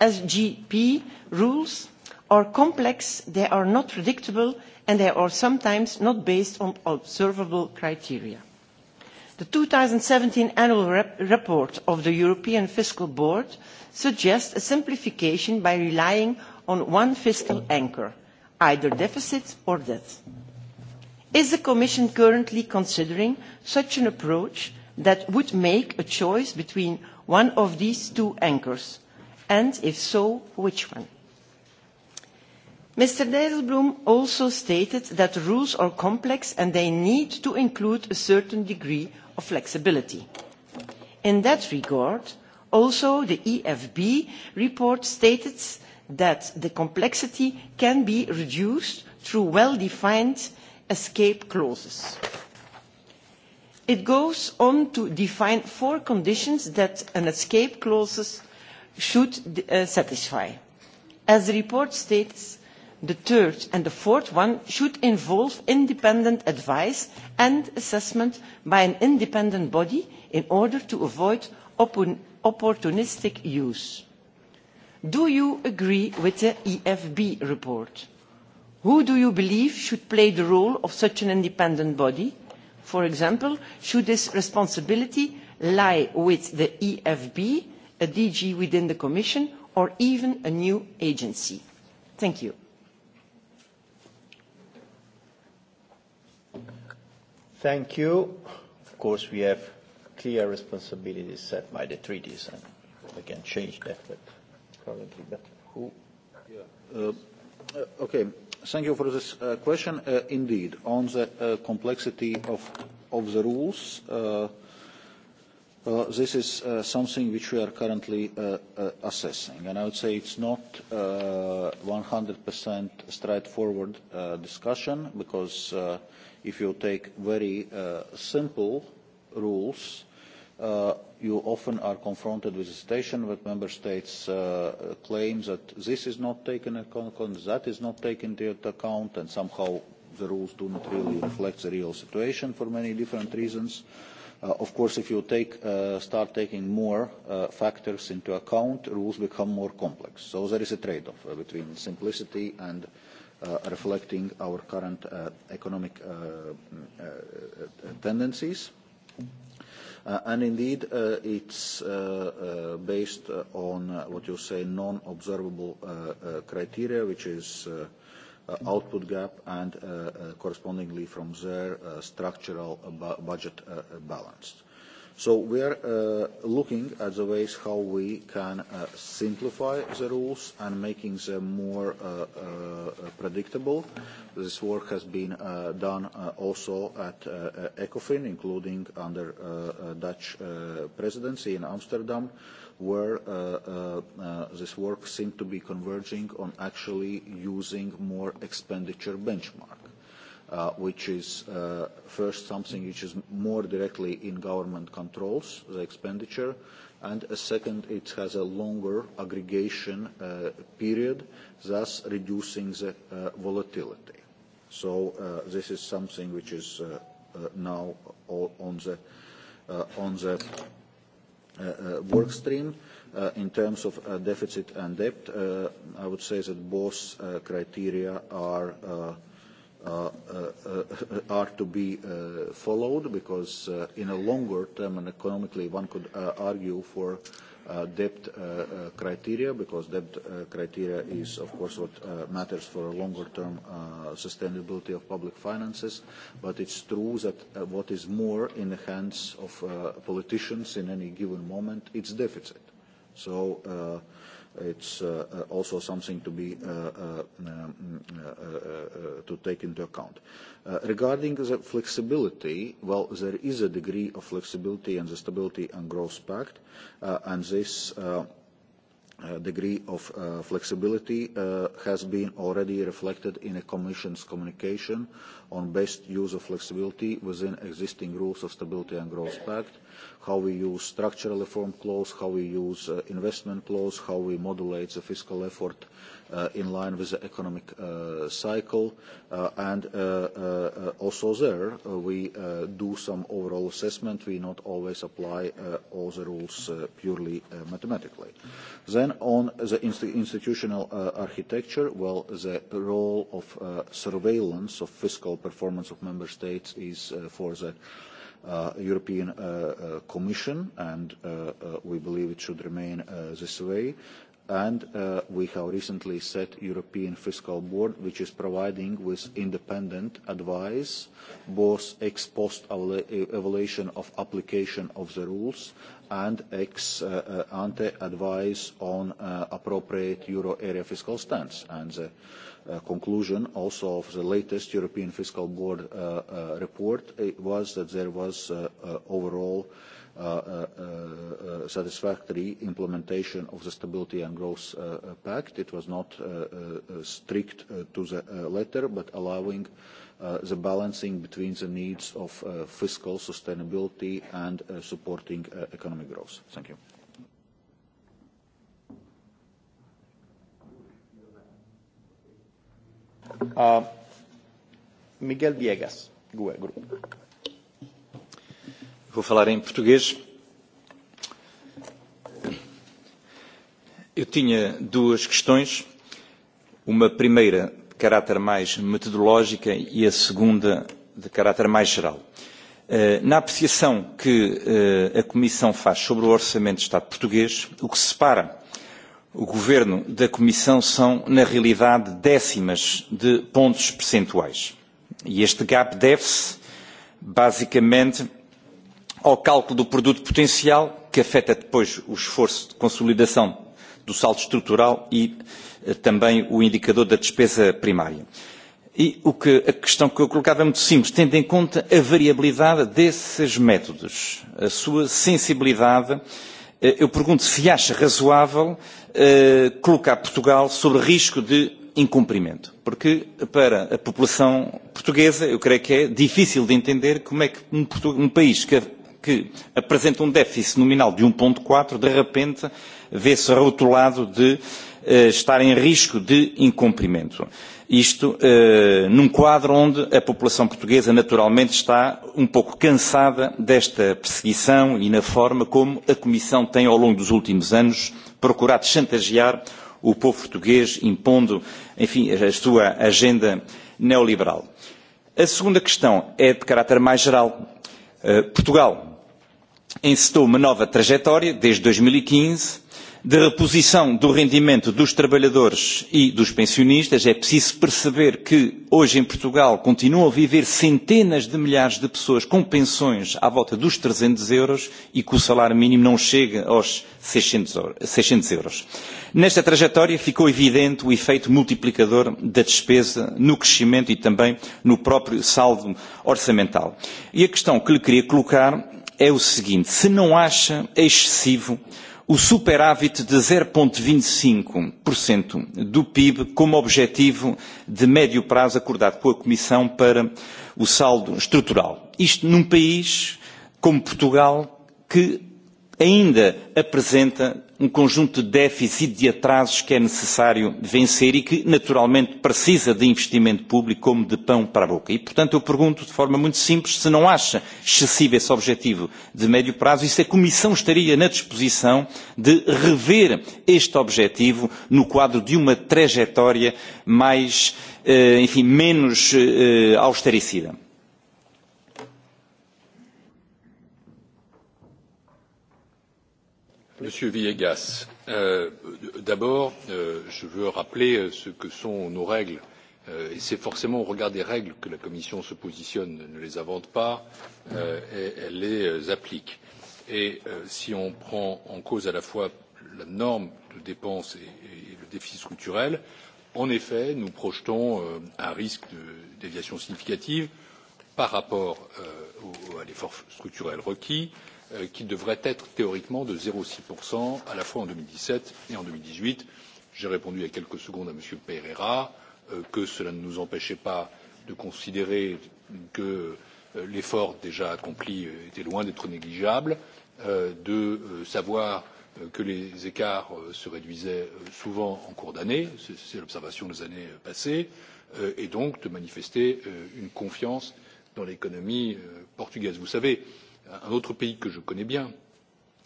S6: sgp rules are complex they are not predictable and they are sometimes not based on observable criteria. the two thousand and seventeen annual rep report of the european fiscal board suggests a simplification by relying on one fiscal anchor either deficit or debt. is the commission currently considering such an approach that would make a choice between one of these two anchors and if so, which one? Mr. Dijsselbloem also stated that rules are complex and they need to include a certain degree of flexibility. In that regard, also the EFB report stated that the complexity can be reduced through well-defined escape clauses. It goes on to define four conditions that an escape clause should uh, satisfy. As the report states, the third and the fourth one should involve independent advice and assessment by an independent body in order to avoid opportunistic use. Do you agree with the EFB report? Who do you believe should play the role of such an independent body? For example, should this responsibility lie with the EFB a dg within the commission or even a new agency. thank you.
S1: thank you. of course we have clear responsibilities set by the treaties and we can change that but currently
S2: but who yeah. uh, okay thank you for this uh, question uh, indeed on the uh, complexity of of the rules uh, Uh, this is uh, something which we are currently uh, uh, assessing, and I would say it's not uh, 100% straightforward uh, discussion because uh, if you take very uh, simple rules, uh, you often are confronted with a situation where member states uh, claim that this is not taken into account, that is not taken into account, and somehow the rules do not really reflect the real situation for many different reasons. Uh, Uh, of course, if you take, uh, start taking more uh, factors into account, rules become more complex. So there is a trade-off uh, between simplicity and uh, reflecting our current uh, economic uh, uh, tendencies. Uh, and indeed, uh, it's uh, uh, based on uh, what you say non-observable uh, uh, criteria, which is uh, uh, output gap and uh, uh, correspondingly from there uh, structural bu budget uh, uh, balance. So we are uh, looking at the ways how we can uh, simplify the rules and making them more uh, uh, predictable. This work has been uh, done uh, also at uh, uh ECOFIN, including under uh, uh, Dutch uh, presidency in Amsterdam. Uh, where uh, uh, uh, this work seemed to be converging on actually using more expenditure benchmark. Uh, which is uh, first something which is more directly in government controls, the expenditure, and a second, it has a longer aggregation uh, period, thus reducing the uh, volatility. So uh, this is something which is uh, uh, now on the, uh, on the Uh, uh, work stream. Uh, in terms of uh, deficit and debt, uh, I would say that both uh, criteria are uh, Uh, uh, uh, [LAUGHS] are to be uh, followed because uh, in a longer term and economically one could argue for uh, debt uh, uh, criteria, because debt uh, criteria is, of course, what uh, matters for a longer-term uh, sustainability of public finances. But it's true that uh, what is more in the hands of uh, politicians in any given moment, it's deficit. So. Uh, it's uh, uh, also something to be uh, uh, um, uh, uh, uh, to take into account. Uh, regarding the flexibility, well, there is a degree of flexibility in the Stability and Growth Pact, uh, and this uh, Uh, degree of uh, flexibility uh, has been already reflected in the Commission's communication on best use of flexibility within existing rules of stability and growth pact, how we use structural reform clause, how we use uh, investment clause, how we modulate the fiscal effort uh, in line with the economic uh, cycle. Uh, and uh, uh, uh also there, uh, we uh, do some overall assessment. We not always apply uh, all the rules uh, purely uh, mathematically. Then on the inst institutional uh, architecture, well, the role of uh, surveillance of fiscal overall performance of member states is uh, for the uh, European uh, uh, Commission, and uh, uh, we believe it should remain uh, this way and uh, we have recently set European Fiscal Board, which is providing with independent advice, both ex post evaluation of application of the rules and ex uh, uh, ante advice on uh, appropriate euro area fiscal stance. And the uh, conclusion also of the latest European Fiscal Board uh, uh, report was that there was uh, uh, overall uh, Uh uh, uh, uh, satisfactory implementation of the Stability and Growth uh, uh Pact. It was not uh, uh, strict uh, to the uh, letter, but allowing uh, the balancing between the needs of uh, fiscal sustainability and uh, supporting uh, economic growth. Thank you. Uh,
S1: Miguel Viegas,
S7: GUE Group. Vou falar em português. Eu tinha duas questões. Uma primeira de caráter mais metodológica e a segunda de caráter mais geral. Eh, na apreciação que eh, a Comissão faz sobre o Orçamento de Estado português, o que separa o Governo da Comissão são, na realidade, décimas de pontos percentuais. E este gap deve-se, basicamente, ao cálculo do produto potencial, que afeta depois o esforço de consolidação do saldo estrutural e eh, também o indicador da despesa primária. E o que, a questão que eu colocava é muito simples, tendo em conta a variabilidade desses métodos, a sua sensibilidade, eh, eu pergunto se acha razoável eh, colocar Portugal sobre risco de incumprimento. Porque para a população portuguesa, eu creio que é difícil de entender como é que um, um país que que apresenta um déficit nominal de 1,4, um de repente vê-se rotulado de eh, estar em risco de incumprimento. Isto eh, num quadro onde a população portuguesa naturalmente está um pouco cansada desta perseguição e na forma como a Comissão tem ao longo dos últimos anos procurado chantagear o povo português impondo, enfim, a sua agenda neoliberal. A segunda questão é de caráter mais geral. Eh, Portugal encetou uma nova trajetória, desde 2015, e de reposição do rendimento dos trabalhadores e dos pensionistas, é preciso perceber que hoje em Portugal continuam a viver centenas de milhares de pessoas com pensões à volta dos 300 euros e que o salário mínimo não chega aos 600 euros. Nesta trajetória ficou evidente o efeito multiplicador da despesa no crescimento e também no próprio saldo orçamental. E a questão que lhe queria colocar é o seguinte se não acha excessivo o superávit de 0,25% e do PIB como objetivo de médio prazo acordado com a Comissão para o saldo estrutural. Isto num país como Portugal que ainda apresenta um conjunto de déficit de atrasos que é necessário vencer e que, naturalmente, precisa de investimento público como de pão para a boca. E, portanto, eu pergunto de forma muito simples se não acha excessivo esse objetivo de médio prazo e se a Comissão estaria na disposição de rever este objetivo no quadro de uma trajetória mais, eh, enfim, menos eh, austericida.
S3: monsieur villegas euh, d'abord euh, je veux rappeler euh, ce que sont nos règles et c'est forcément au regard des règles que la commission se positionne ne les invente pas elle les applique et si on prend en cause à la fois la norme de dépenses et le déficit structurel en effet nous projetons un risque de déviation significative par rapport à l'effort structurel requis Euh, qui devrait être théoriquement de zéro six à la fois en deux mille dix sept et en. deux mille dix huit j'ai répondu il y a quelques secondes à m. pereira euh, que cela ne nous empêchait pas de considérer que euh, l'effort déjà accompli était loin d'être négligeable de savoir que les écarts se réduisaient souvent en cours d'année c'est l'observation des années passées et donc de manifester une confiance dans l'économie portugaise. vous savez un autre pays que je connais bien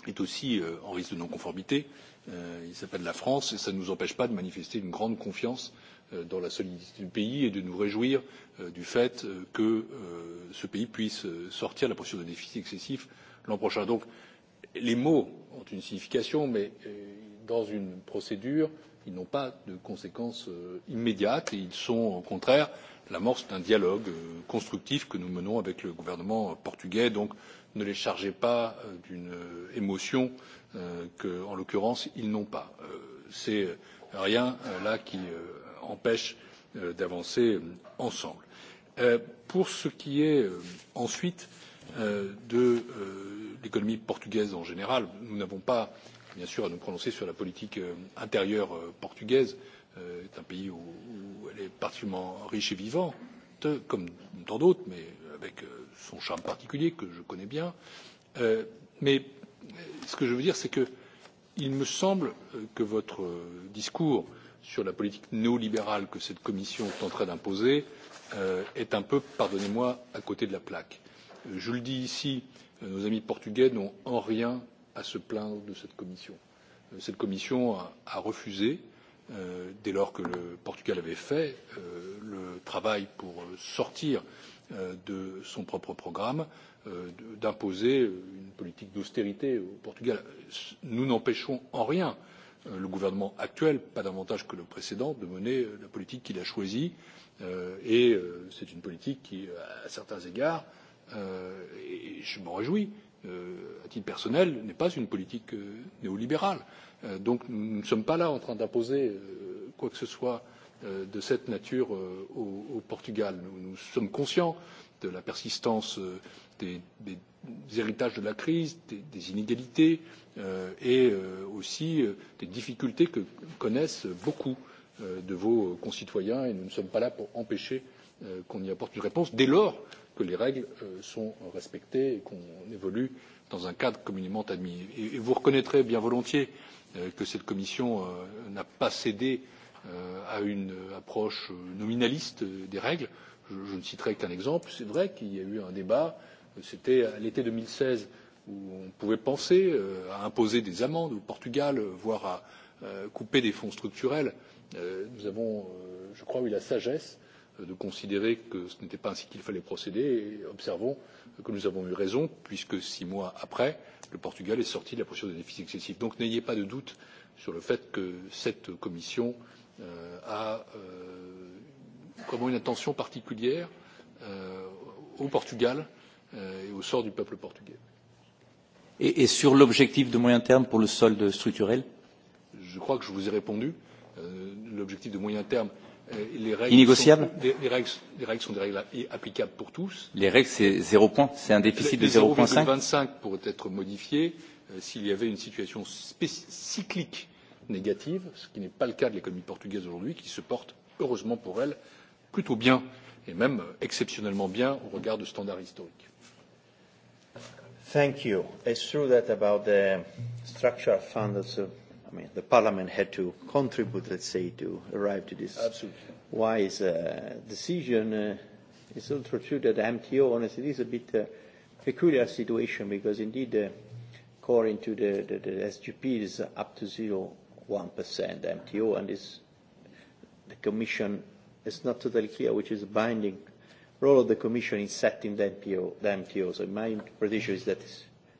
S3: est aussi euh, en risque de non conformité euh, il s'appelle la france et cela ne nous empêche pas de manifester une grande confiance euh, dans la solidité du pays et de nous réjouir du fait que ce pays puisse sortir de la procédure de déficit excessif l'an prochain. donc les mots ont une signification mais dans une procédure ils n'ont pas de conséquences immédiates et ils sont au contraire l'amorce d'un dialogue constructif que nous menons avec le gouvernement portugais. donc ne les chargez pas euh, d'une euh, émotion euh, qu'en l'occurrence ils n'ont pas. c'est rien là qui empêche d'avancer ensemble. pour ce qui est ensuite de l'économie portugaise en général nous n'avons pas bien sûr à nous prononcer sur la politique intérieure portugaise c'est un pays où elle est particulièrement riche et vivante comme dans d'autres mais avec euh, son charme particulier que je connais bien euh, mais euh, ce que je veux dire c'est qu'il me semble que votre discours sur la politique néolibérale que cette commission tenterait d'imposer est un peu pardonnez moi à côté de la plaque. je le dis ici nos amis portugais n'ont en rien à se plaindre de cette commission. cette commission a refusé dès lors que le portugal avait fait le travail pour sortir Euh, de son propre programme euh, d'imposer une politique d'austérité au portugal. nous n'empêchons en rien euh, le gouvernement actuel pas davantage que le précédent de mener la politique qu'il a choisie et c'est une politique qui à certains égards et je m'en réjouis à titre personnel n'est pas une politique néolibérale. donc nous ne sommes pas là en train d'imposer quoi que ce soit Euh, de cette nature euh, au, au Portugal. Nous, nous sommes conscients de la persistance euh, des, des héritages de la crise, des, des inégalités euh, et euh, aussi euh, des difficultés que connaissent beaucoup euh, de vos concitoyens et nous ne sommes pas là pour empêcher euh, qu'on y apporte une réponse dès lors que les règles euh, sont respectées et qu'on évolue dans un cadre communément admis. Et, et vous reconnaîtrez bien volontiers euh, que cette commission euh, n'a pas cédé euh, Euh, à une euh, approche euh, nominaliste des règles. je ne citerai qu'un exemple il est vrai qu'il y a eu un débat c'était à l'été deux mille seize où on pouvait penser à imposer des amendes au portugal voire à couper des fonds structurels. nous avons je crois eu la sagesse de considérer que ce n'était pas ainsi qu'il fallait procéder et observons que nous avons eu raison puisque six mois après le portugal est sorti de la procédure de déficit excessif. donc n'ayez pas de doute sur le fait que cette commission Euh, a vraiment euh, une attention particulière euh, au portugal et au sort du peuple portugais.
S7: et sur l'objectif de moyen terme pour le solde structurel je crois que je vous ai répondu
S3: l'objectif de moyen terme les règles innégociable sont, les, les, règles, les règles sont des règles applicables pour tous.
S7: Les règles, c'est zéro point, c'est un déficit les, de zéro point cinq. vingt
S3: cinq pourrait être modifié euh, s'il y avait une situation cyclique négative ce qui n'est pas le cas de l'économie portugaise aujourd'hui qui se porte heureusement pour elle plutôt bien et même euh, exceptionnellement bien au regard de standards historiques. Thank you. It's true that
S1: about the structural fund, that's a, I mean, the parliament had to contribute, let's say, to arrive to this Absolutely. wise uh, decision. Uh, it's also true that the MTO, honestly, is a bit uh, peculiar situation because indeed, uh, according to the, the, the SGP, is up to zero 1% MTO, and is the Commission, it's not totally clear which is binding role of the Commission in setting the MTO. The MTO. So my interpretation is that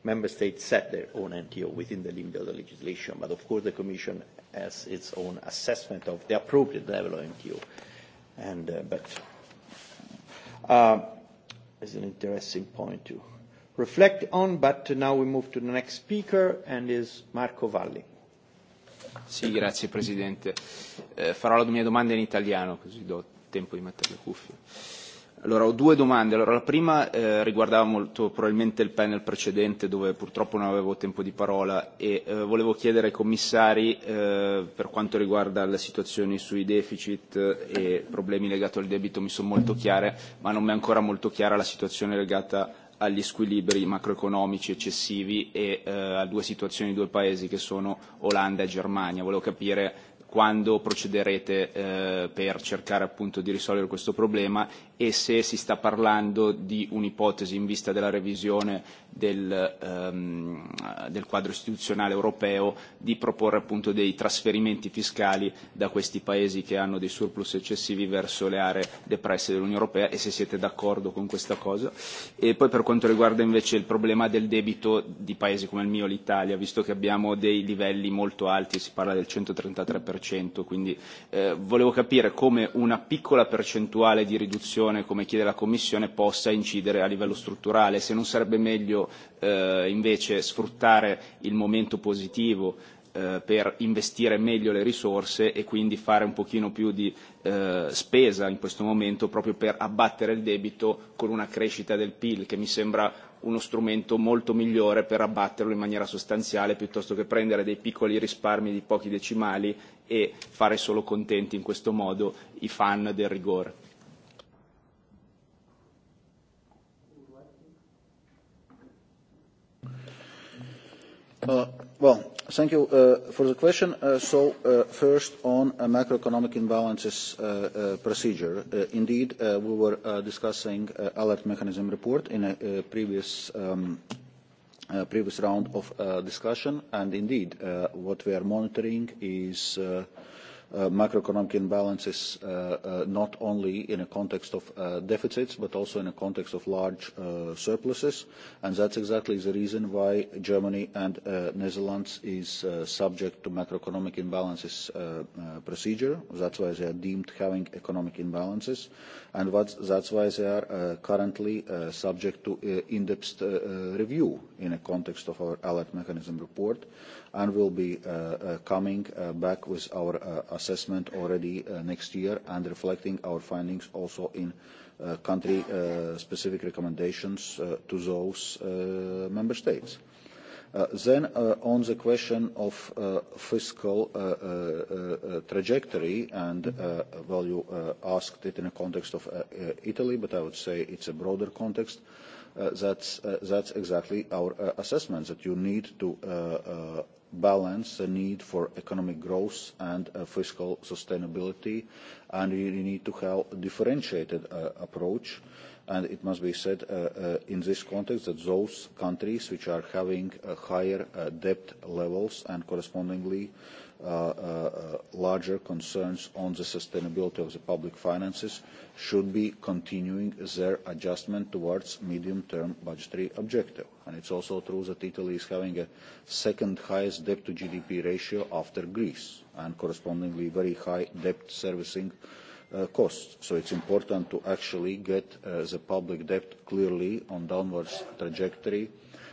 S1: member states set their own MTO within the limit of the legislation, but of course the Commission has its own assessment of the appropriate level of MTO. And uh, but uh, it's an interesting point to reflect on. But now we move to the next speaker, and is Marco Valli.
S8: Sì, grazie Presidente. Eh, farò la mia domanda in italiano, così do tempo di mettere le cuffie. Allora, ho due domande. Allora, la prima eh, riguardava molto probabilmente il panel precedente, dove purtroppo non avevo tempo di parola, e eh, volevo chiedere ai commissari, eh, per quanto riguarda le situazioni sui deficit eh, e problemi legati al debito, mi sono molto chiare, ma non mi è ancora molto chiara la situazione legata agli squilibri macroeconomici eccessivi e eh, a due situazioni di due paesi che sono Olanda e Germania. Volevo capire quando procederete eh, per cercare appunto di risolvere questo problema e se si sta parlando di un'ipotesi in vista della revisione del, ehm, del quadro istituzionale europeo di proporre appunto dei trasferimenti fiscali da questi paesi che hanno dei surplus eccessivi verso le aree depresse dell'Unione Europea e se siete d'accordo con questa cosa. E poi per quanto riguarda invece il problema del debito di paesi come il mio, l'Italia, visto che abbiamo dei livelli molto alti, si parla del 133% 40%, quindi eh, volevo capire come una piccola percentuale di riduzione, come chiede la Commissione, possa incidere a livello strutturale, se non sarebbe meglio eh, invece sfruttare il momento positivo eh, per investire meglio le risorse e quindi fare un pochino più di eh, spesa in questo momento proprio per abbattere il debito con una crescita del PIL che mi sembra uno strumento molto migliore per abbatterlo in maniera sostanziale piuttosto che prendere dei piccoli risparmi di pochi decimali e fare solo contenti in questo modo i fan del rigore.
S2: Uh, well, Thank you uh, for the question. Uh, so, uh, first on uh, macroeconomic imbalances uh, uh, procedure. Indeed, we were discussing alert mechanism report in a, a previous, um, a previous round of discussion. And indeed, what we are monitoring is uh, macroeconomic imbalances uh, uh, not only in a context of uh, deficits but also in a context of large uh, surpluses and that's exactly the reason why Germany and uh, Netherlands is uh, subject to macroeconomic imbalances uh, uh, procedure that's why they are deemed having economic imbalances and what's, that's why they are uh, currently uh, subject to uh, in-depth uh, uh, review in a context of our alert mechanism report uh, and we'll be uh, uh, coming uh, back with our assessment already next year and reflecting our findings also in country-specific recommendations to those member states. Uh, then uh, on the question of uh, fiscal trajectory, and well, you asked it in a context of Italy, but I would say it's a broader context. That's, that's exactly our assessment, that you need to balance the need for economic growth and uh, fiscal sustainability, and you need to have a differentiated uh, approach. And it must be said uh, uh, in this context that those countries which are having uh, higher uh, debt levels and correspondingly uh, Uh, uh, uh, larger concerns on the sustainability of the public finances should be continuing their adjustment towards medium-term budgetary objective. And it's also true that Italy is having a second highest debt to GDP ratio after Greece and correspondingly very high debt servicing uh, costs. So it's important to actually get uh, the public debt clearly on downwards trajectory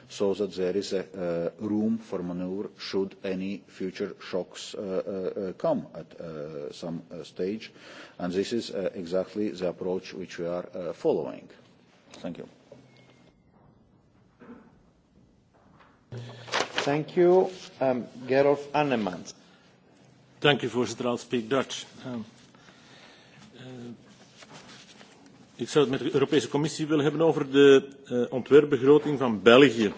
S2: so that there is a uh, room for maneuver should any future shocks uh, uh, uh, come at uh, some uh, stage. And this is uh, exactly the approach which we are uh, following. Thank you.
S1: Thank you. Um, Gerolf Annemans.
S9: Dank u, voorzitter. I'll speak Dutch. Um, Ik zou het met de Europese Commissie willen hebben over de uh, ontwerpbegroting van België.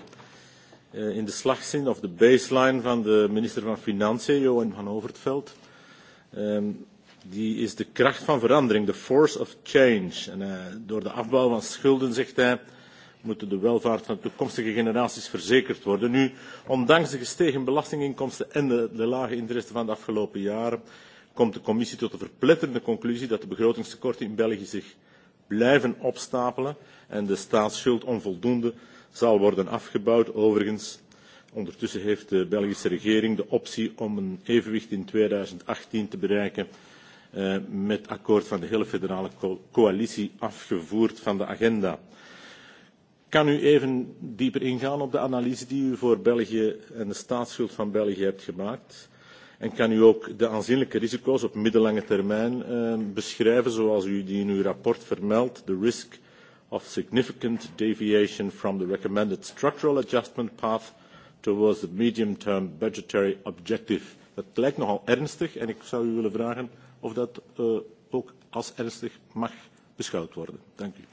S9: Uh, in de slagzin of de baseline van de minister van Financiën, Johan van Overtveld. Um, die is de kracht van verandering, de force of change. En, uh, door de afbouw van schulden, zegt hij, moeten de welvaart van de toekomstige generaties verzekerd worden. Nu, ondanks de gestegen belastinginkomsten en de, de lage interesse van de afgelopen jaren, komt de commissie tot de verpletterende conclusie dat de begrotingstekorten in België zich blijven opstapelen en de staatsschuld onvoldoende zal worden afgebouwd. Overigens, ondertussen heeft de Belgische regering de optie om een evenwicht in 2018 te bereiken eh, met akkoord van de hele federale coalitie afgevoerd van de agenda. Kan u even dieper ingaan op de analyse die u voor België en de staatsschuld van België hebt gemaakt? En kan u ook de aanzienlijke risico's op middellange termijn eh, beschrijven zoals u die in uw rapport vermeldt, the risk of significant deviation from the recommended structural adjustment path towards the medium-term budgetary objective. Dat lijkt nogal ernstig en ik zou u willen vragen of dat uh, eh, ook als ernstig mag beschouwd worden. Dank u.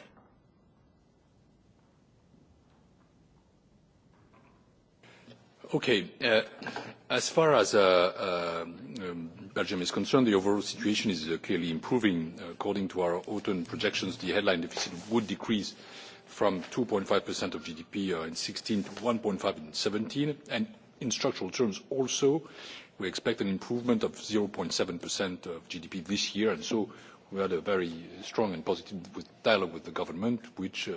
S3: Okay. Uh, eh, As far as uh, uh, um, Belgium is concerned, the overall situation is uh, clearly improving. Uh, according to our autumn projections, the headline deficit would decrease from 2.5% of GDP uh, in 2016 to 1.5% in 2017. And in structural terms also, we expect an improvement of 0.7% of GDP this year. And so we had a very strong and positive dialogue with the government, which uh,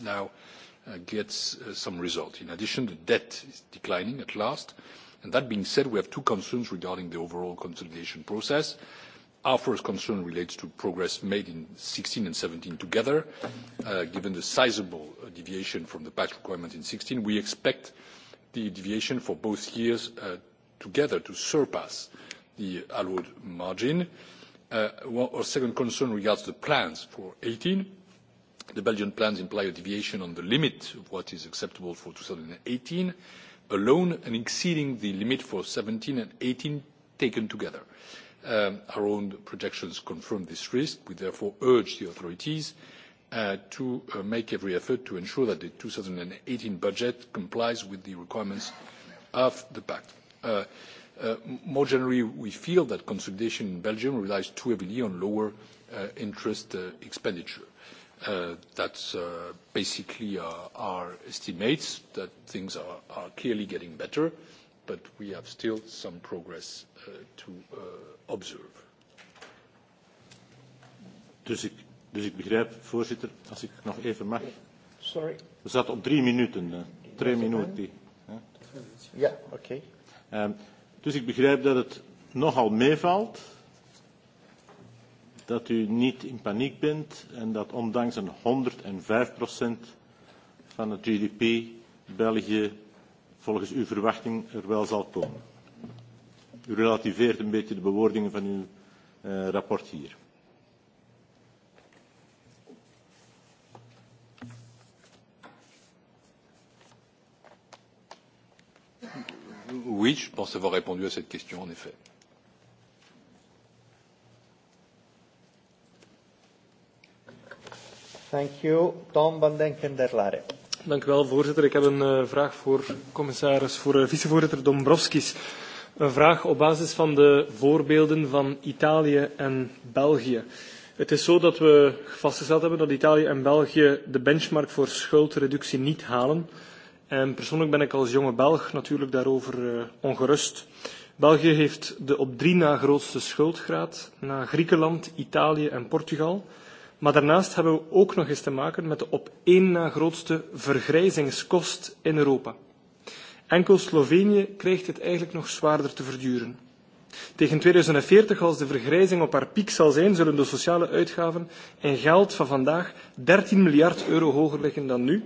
S3: now Uh, gets uh, some result. in addition the debt is declining at last and that being said we have two concerns regarding the overall consolidation process. our first concern relates to progress made in sixteen and seventeen together. Uh, given the sizeable deviation from the pact requirement in sixteen we expect the deviation for both years together to surpass the allowed margin. our second concern regards the plans for eighteen the belgian plans imply a deviation on the limit of what is acceptable for two thousand and eighteen alone and exceeding the limit for two thousand and seventeen and two thousand and eighteen taken together. Um, our own projections confirm this risk. we therefore urge the authorities uh, to uh, make every effort to ensure that the two thousand and eighteen budget complies with the requirements of the pact. Uh, more generally we feel that consolidation in belgium relies too heavily on lower interest expenditure. Uh, that's uh, basically uh, our estimates that things are clearly getting better, but we have still some progress to
S9: observe. Dus ik, dus ik begrijp, voorzitter, als ik nog even mag. Sorry. We zaten op drie minuten. Drie eh, minuten. Ja, oké. Okay. Um, ehm, dus ik begrijp dat het nogal meevalt dat u niet in paniek bent en dat ondanks een 105 procent van het GDP België volgens uw verwachting er wel zal komen. U relativeert een beetje de bewoordingen van uw uh, rapport hier.
S3: Oui, je pense avoir répondu à cette question en effet.
S1: Thank you. Tom van Denken-Derlare.
S10: Dank u wel, voorzitter. Ik heb een uh, vraag voor commissaris, voor uh, vicevoorzitter Dombrovskis. Een vraag op basis van de voorbeelden van Italië en België. Het is zo dat we vastgesteld hebben dat Italië en België de benchmark voor schuldreductie niet halen. En persoonlijk ben ik als jonge Belg natuurlijk daarover uh, ongerust. België heeft de op drie na grootste schuldgraad, na Griekenland, Italië en Portugal. Maar daarnaast hebben we ook nog eens te maken met de op één na grootste vergrijzingskost in Europa. Enkel Slovenië krijgt dit eigenlijk nog zwaarder te verduren. Tegen 2040, als de vergrijzing op haar piek zal zijn, zullen de sociale uitgaven in geld van vandaag 13 miljard euro hoger liggen dan nu.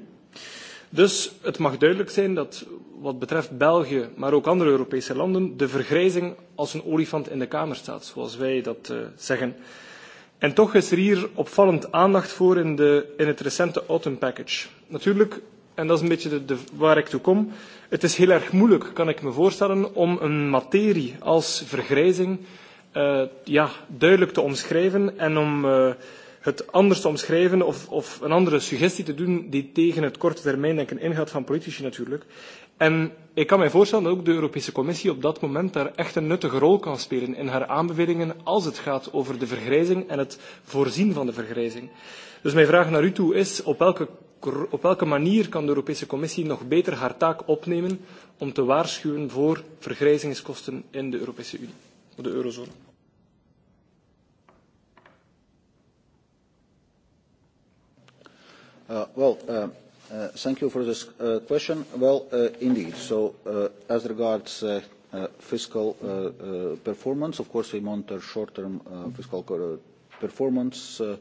S10: Dus het mag duidelijk zijn dat wat betreft België, maar ook andere Europese landen, de vergrijzing als een olifant in de kamer staat, zoals wij dat uh, zeggen. Uh, En toch is er hier opvallend aandacht voor in, de, in het recente Autumn Package. Natuurlijk, en dat is een beetje de, de, waar ik toe kom, het is heel erg moeilijk, kan ik me voorstellen, om een materie als vergrijzing uh, ja, duidelijk te omschrijven en om uh, het anders te omschrijven of, of een andere suggestie te doen die tegen het korte termijn denken ingaat van politici natuurlijk. En ik kan mij voorstellen dat ook de Europese Commissie op dat moment daar echt een nuttige rol kan spelen in haar aanbevelingen als het gaat over de vergrijzing en het voorzien van de vergrijzing. Dus mijn vraag naar u toe is, op welke, op welke manier kan de Europese Commissie nog beter haar taak opnemen om te waarschuwen voor vergrijzingskosten in de Europese Unie, voor de eurozone?
S2: Uh, eh, well, uh, eh, Uh, thank you for this uh, question. Well, uh, indeed. So, uh, as regards uh, uh, fiscal uh, uh, performance, of course, we monitor short-term uh, fiscal uh, performance, uh,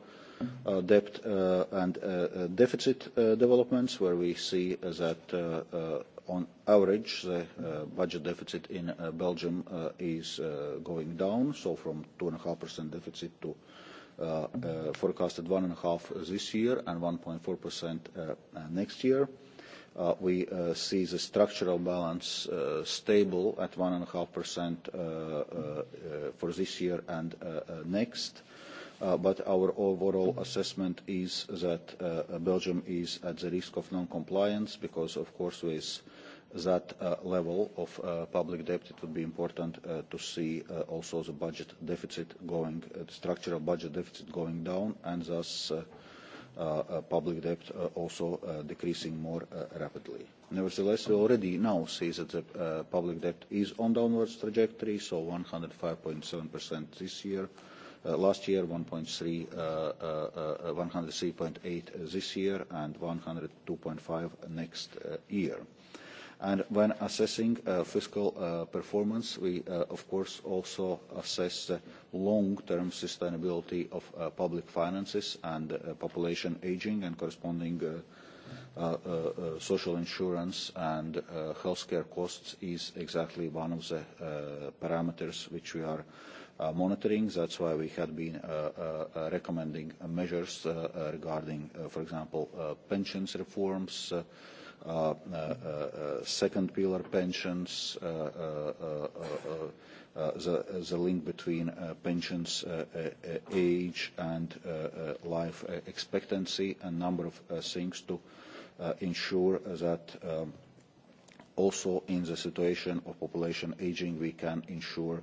S2: uh, debt uh, and uh, uh deficit uh, developments, where we see uh, that uh, uh, on average, the uh, budget deficit in uh, Belgium uh, is going down, so from 2.5% deficit to uh, uh, forecasted 1.5% eh, this year and 1.4% uh, next year. Uh, we uh, see the structural balance uh, stable at 1.5% for this year and next. Uh, but our overall assessment is that Belgium is at the risk of non-compliance because, of course, with that uh, level of uh, public debt, it would be important uh, to see uh, also the budget deficit going, uh, the structural budget deficit going down, and thus uh, uh, uh public debt uh, also uh, decreasing more uh, rapidly. Nevertheless, we already now see that the uh, public debt is on downwards trajectory, so 105.7% this year, Uh, last year, 1.3, uh, uh, 103.8 uh, uh, this year, and 102.5 next year. And when assessing uh, fiscal uh, performance, we uh, of course also assess the long-term sustainability of uh, public finances and uh, population aging and corresponding uh, Uh, uh, uh, social insurance and uh, healthcare costs is exactly one of the uh, parameters which we are uh, monitoring. That's why we had been uh, uh, recommending measures uh, uh regarding, uh, for example, uh, pensions reforms, uh, uh, uh, uh, second pillar pensions, uh, uh, uh, uh, uh, the, the link between uh, pensions uh, uh, age and uh, uh, life expectancy, a number of uh, things to uh, ensure that um, also in the situation of population aging, we can ensure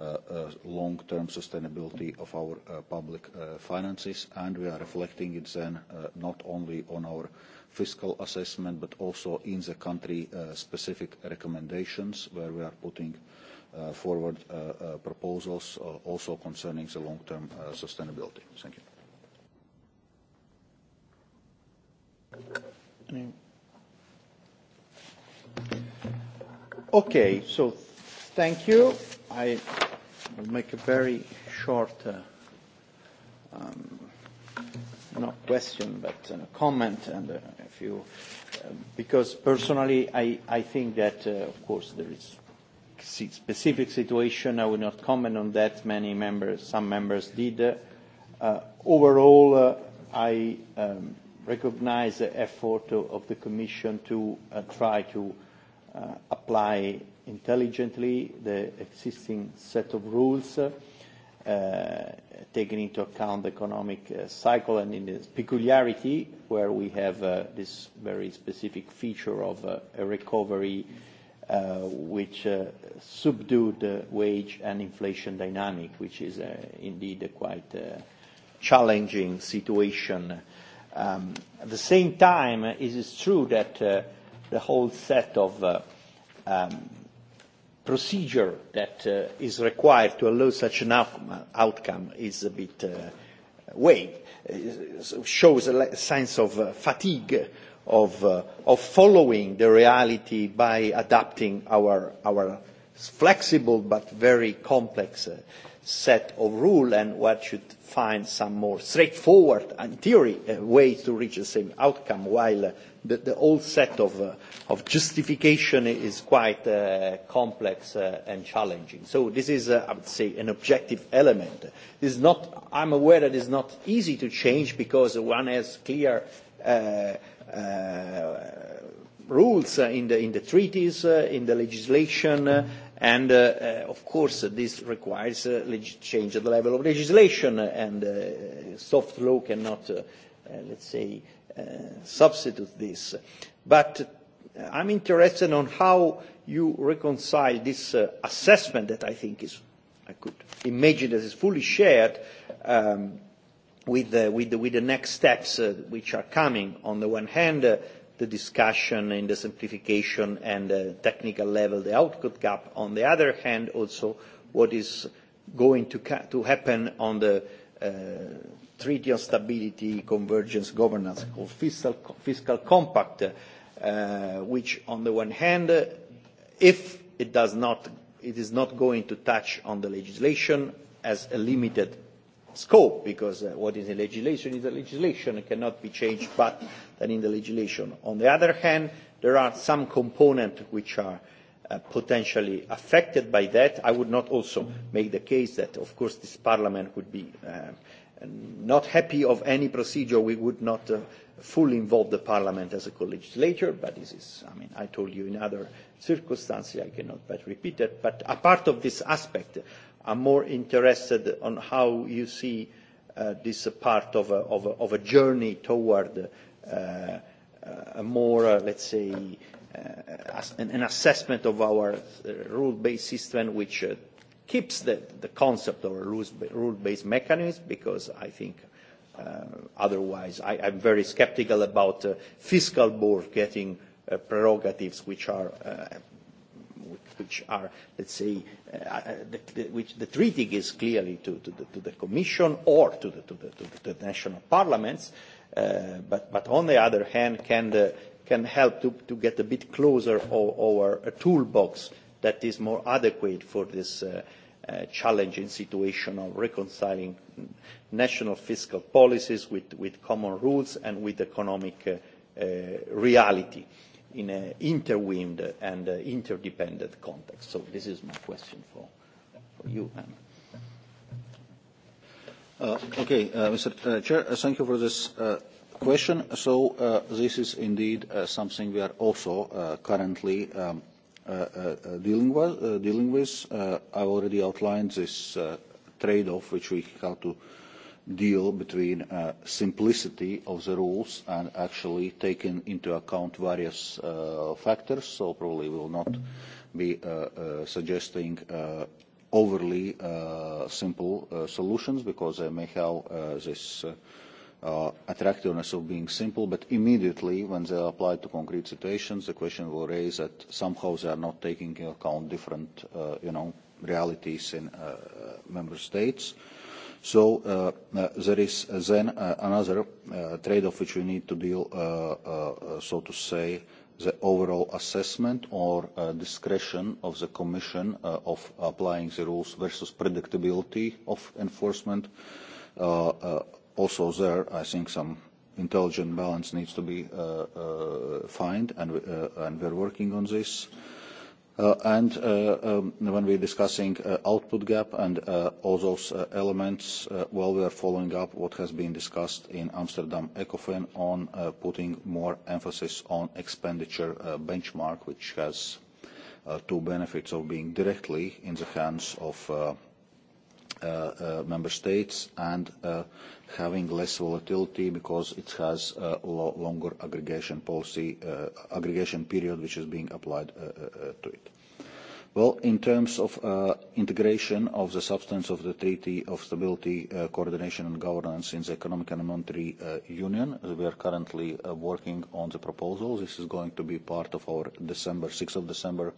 S2: uh, uh, long-term sustainability of our uh, public uh, finances, and we are reflecting it then uh, not only on our fiscal assessment, but also in the country-specific uh, recommendations, where we are putting uh, forward uh, uh, proposals uh, also concerning the long-term uh, sustainability. Thank you.
S1: Okay, so thank you. I will make a very short uh, um, not question, but uh, comment, and uh, if you, uh, because personally, I, I think that, uh, of course, there is specific situation. I will not comment on that. Many members, some members did. Uh, overall, uh, I um, recognize the effort of the Commission to uh, try to uh, apply intelligently the existing set of rules. Uh, uh, taking into account the economic uh, cycle and in its peculiarity, where we have uh, this very specific feature of uh, a recovery uh, which uh, subdued the wage and inflation dynamic, which is uh, indeed a quite uh, challenging situation. Um, at the same time, it is true that uh, the whole set of uh, um, procedure that uh, is required to allow such an outcome, outcome is a bit uh, vague, it shows a sense of uh, fatigue of, uh, of following the reality by adapting our, our flexible but very complex uh, set of rules and one should find some more straightforward, in theory, uh, way to reach the same outcome, while uh, the, the whole set of, uh, of justification is quite uh, complex uh, and challenging. So this is, uh, I would say, an objective element. This is not, I'm aware that it's not easy to change because one has clear uh, uh, rules in the, in the treaties, uh, in the legislation, uh, And uh, uh, of course, uh, this requires uh, leg- change at the level of legislation, uh, and uh, soft law cannot, uh, uh, let's say, uh, substitute this. But uh, I'm interested on how you reconcile this uh, assessment that I think is, I could imagine that is fully shared um, with, uh, with, the, with the next steps uh, which are coming. On the one hand, uh, the discussion and the simplification and the technical level, the output gap. On the other hand, also, what is going to, to happen on the uh, treaty on stability, convergence, governance, or fiscal, fiscal compact, uh, which on the one hand, uh, if it does not, it is not going to touch on the legislation as a limited scope because uh, what is the legislation is the legislation it cannot be changed but than in the legislation. On the other hand, there are some components which are uh, potentially affected by that. I would not also make the case that, of course, this Parliament would be uh, not happy of any procedure. We would not uh, fully involve the Parliament as a co-legislator, but this is, I mean, I told you in other circumstances, I cannot but repeat it. But apart of this aspect, I'm more interested on how you see uh, this part of a, of, a, of a journey toward uh, uh a more, uh, let's say, uh, an, an assessment of our uh, rule-based system, which uh, keeps the, the concept of a rule-based mechanism, because I think uh, otherwise I, I'm very skeptical about uh, fiscal board getting uh, prerogatives which are uh, contracts, which are, let's say, uh, uh, the, the, which the treaty gives clearly to, to, the, to the Commission or to the, to the, to the, to the national parliaments, uh, but, but on the other hand, can, the, can help to, to get a bit closer our, our toolbox that is more adequate for this uh, uh, challenging situation of reconciling national fiscal policies with, with common rules and with economic uh, uh, reality. Uh, in an interwined and uh,
S2: interdependent context. So this is my question for, for you, Anna. Uh, okay, uh, Mr. Uh, Chair, uh, thank you for this uh, question. So this is indeed something we are also currently um, dealing with. Dealing with. I already outlined this trade-off which we have to deal between uh, simplicity of the rules and actually taking into account various uh, factors. So probably we will not be uh, uh, suggesting uh, overly uh, simple uh, solutions because they may have uh, this uh, uh, attractiveness of being simple, but immediately when they are applied to concrete situations, the question will raise that somehow they are not taking into account different, uh, you know, realities in uh, member states. Uh, So uh, uh, there is then uh, another uh, trade-off which we need to deal, uh, uh, so to say, the overall assessment or uh, discretion of the Commission uh, of applying the rules versus predictability of enforcement. Uh, uh, also there, I think some intelligent balance needs to be uh, uh, found, and, uh, and we're working on this. Uh, Uh, and uh, um, when we're discussing uh, output gap and uh, all those uh, elements, uh, well, we are following up what has been discussed in Amsterdam Ecofin on putting more emphasis on expenditure benchmark, which has two benefits of being directly in the hands of uh, uh, member states and uh, having less volatility because it has a lo longer aggregation policy, uh, aggregation period which is being applied uh, uh, uh to it. Well, in terms of uh, integration of the substance of the Treaty of Stability, uh, Coordination and Governance in the Economic and Monetary uh, Union, we are currently uh, working on the proposal. This is going to be part of our December, 6th of December,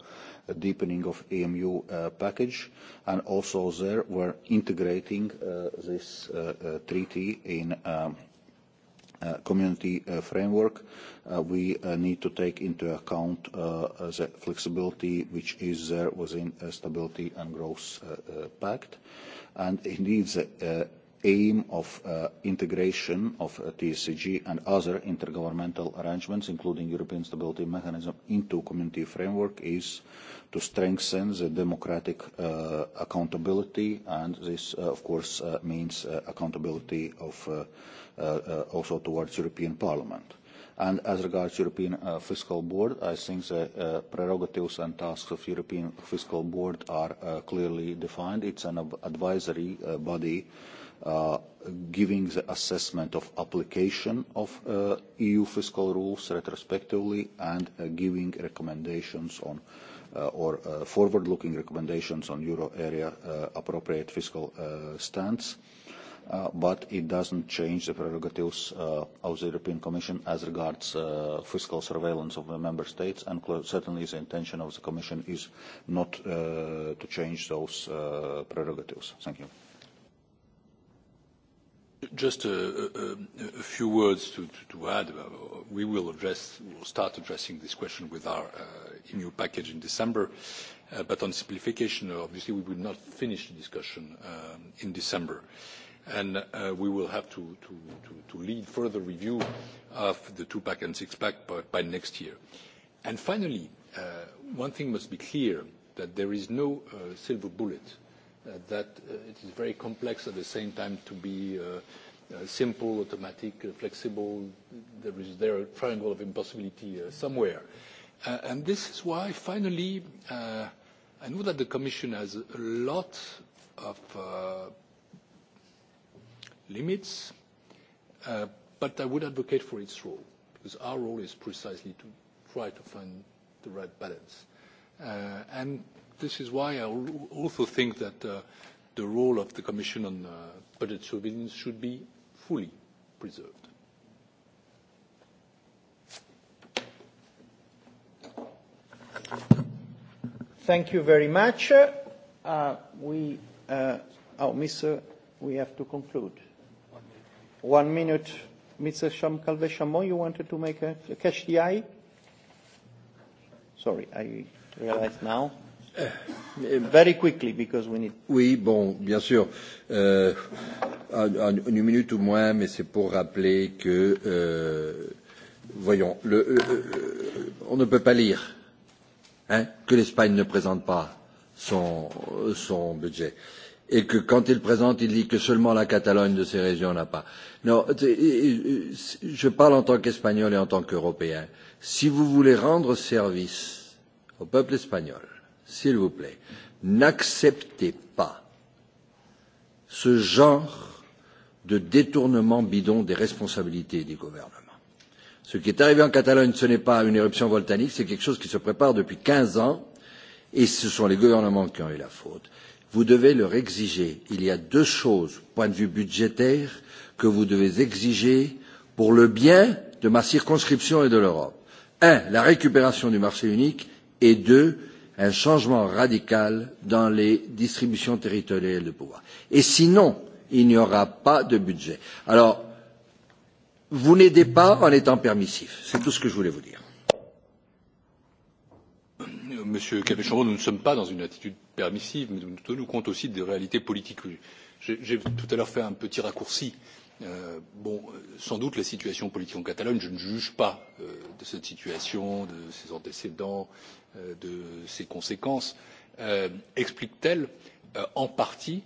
S2: uh, deepening of EMU uh, package. And also there, we're integrating uh, this uh, uh, treaty in um, uh, community uh, framework, uh, we uh, need to take into account uh, uh the flexibility which is there within a uh, stability and growth uh, uh, pact. And indeed, the uh, aim of uh, integration of uh, TSCG and other intergovernmental arrangements, including European Stability Mechanism, into community framework is to strengthen the democratic uh, accountability, and this, uh, of course, uh, means uh, accountability of uh, uh, uh, also towards European Parliament. And as regards European uh, Fiscal Board, I think the uh, prerogatives and tasks of European Fiscal Board are uh, clearly defined. It's an ab- advisory uh, body uh, giving the assessment of application of uh, EU fiscal rules retrospectively and uh, giving recommendations on uh, or uh, forward-looking recommendations on euro area uh, appropriate fiscal uh, stance. Uh, uh, but it doesn't change the prerogatives uh, of the European Commission as regards uh, fiscal surveillance of the member states, and certainly the intention of the Commission is not uh, to change those uh, prerogatives. Thank you.
S3: Just a, a, a few words to, to, to add. We will address, we'll start addressing this question with our uh, EU package in December. Uh, but on simplification, obviously, we will not finish the discussion um, in December. Uh, and uh, we will have to, to, to, to lead further review of the two-pack and six-pack by, by next year. And finally, uh, one thing must be clear, that there is no uh, silver bullet, uh, that uh, it is very complex at the same time to be uh, simple, automatic, flexible. There is there a triangle of impossibility somewhere. And this is why, finally, I know that the Commission has a lot of limits, uh, but I would advocate for its role, because our role is precisely to try to find the right balance. Uh, and this is why I also think that uh, the role of the Commission on uh, Budget Surveillance should be fully preserved.
S1: Thank you very much. Uh, we, uh, oh, Mr. We have to conclude. One minute, Mr. Shamkalve Shamo, you wanted to make a, a cash DI? Sorry, I realize now. Eh. Very
S11: quickly, because we need. Oui, bon, bien sûr. Euh, en, en une minute ou moins, mais c'est pour rappeler que, euh, voyons, le, euh, euh, on ne peut pas lire hein, que l'Espagne ne présente pas son, son budget. Euh, et que quand il présente, il dit que seulement la Catalogne de ces régions n'a pas. Non, je parle en tant qu'Espagnol et en tant qu'Européen. Si vous voulez rendre service au peuple espagnol, s'il vous plaît, n'acceptez pas ce genre de détournement bidon des responsabilités du gouvernement. Ce qui est arrivé en Catalogne, ce n'est pas une éruption volcanique, c'est quelque chose qui se prépare depuis 15 ans, et ce sont les gouvernements qui ont eu la faute vous devez leur exiger il y a deux choses point de vue budgétaire que vous devez exiger pour le bien de ma circonscription et de l'Europe un la récupération du marché unique et deux un changement radical dans les distributions territoriales de pouvoir. Et sinon, il n'y aura pas de budget. Alors, vous n'aidez pas en étant permissif. C'est tout ce que je voulais vous dire monsieur
S3: cameron nous ne sommes pas dans une attitude permissive mais nous tenons compte aussi des réalités politiques. j'ai tout à l'heure fait un petit raccourci. Euh, sans doute la situation politique en catalogne je ne juge pas euh, de cette situation de ses antécédents euh, de ses conséquences explique t elle en partie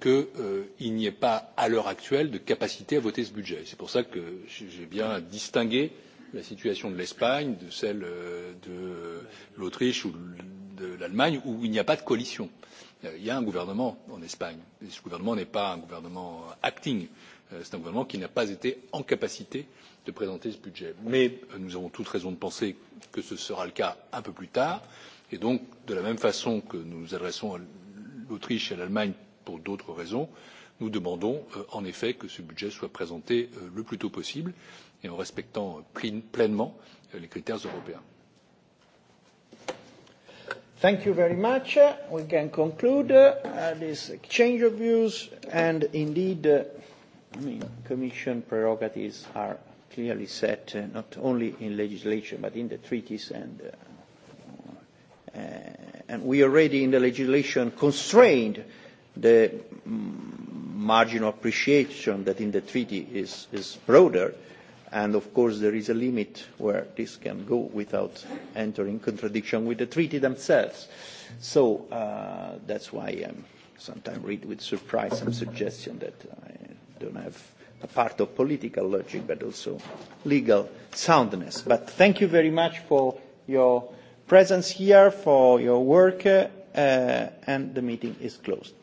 S3: qu'il n'y ait pas à l'heure actuelle de capacité à voter ce budget. c'est pour cela que j'ai bien distingué la situation de l'espagne de celle euh, de l'autriche ou de l'allemagne où il n'y a pas de coalition. Euh, il y a un gouvernement en espagne et ce gouvernement n'est pas un gouvernement acting euh, c'est un gouvernement qui n'a pas été en capacité de présenter ce budget. mais nous avons toute raison de penser que ce sera le cas un peu plus tard et donc de la même façon que nous nous adressons à l'autriche et à l'allemagne pour d'autres raisons nous demandons euh, en effet que ce budget soit présenté euh, le plus tôt possible et en respectant euh, pleinement les critères européens.
S1: Thank you very much. We can conclude uh, this exchange of views, and indeed, uh, I mean, Commission prerogatives are clearly set, uh, not only in legislation, but in the treaties, and, uh, uh, and we already in the legislation constrained the um, margin of appreciation that in the treaty is, is broader, and of course there is a limit where this can go without entering contradiction with the treaty themselves. So uh, that's why I sometimes read with surprise some suggestion that I don't have a part of political logic but also legal soundness. But thank you very much for your presence here, for your work, uh, and the meeting is closed.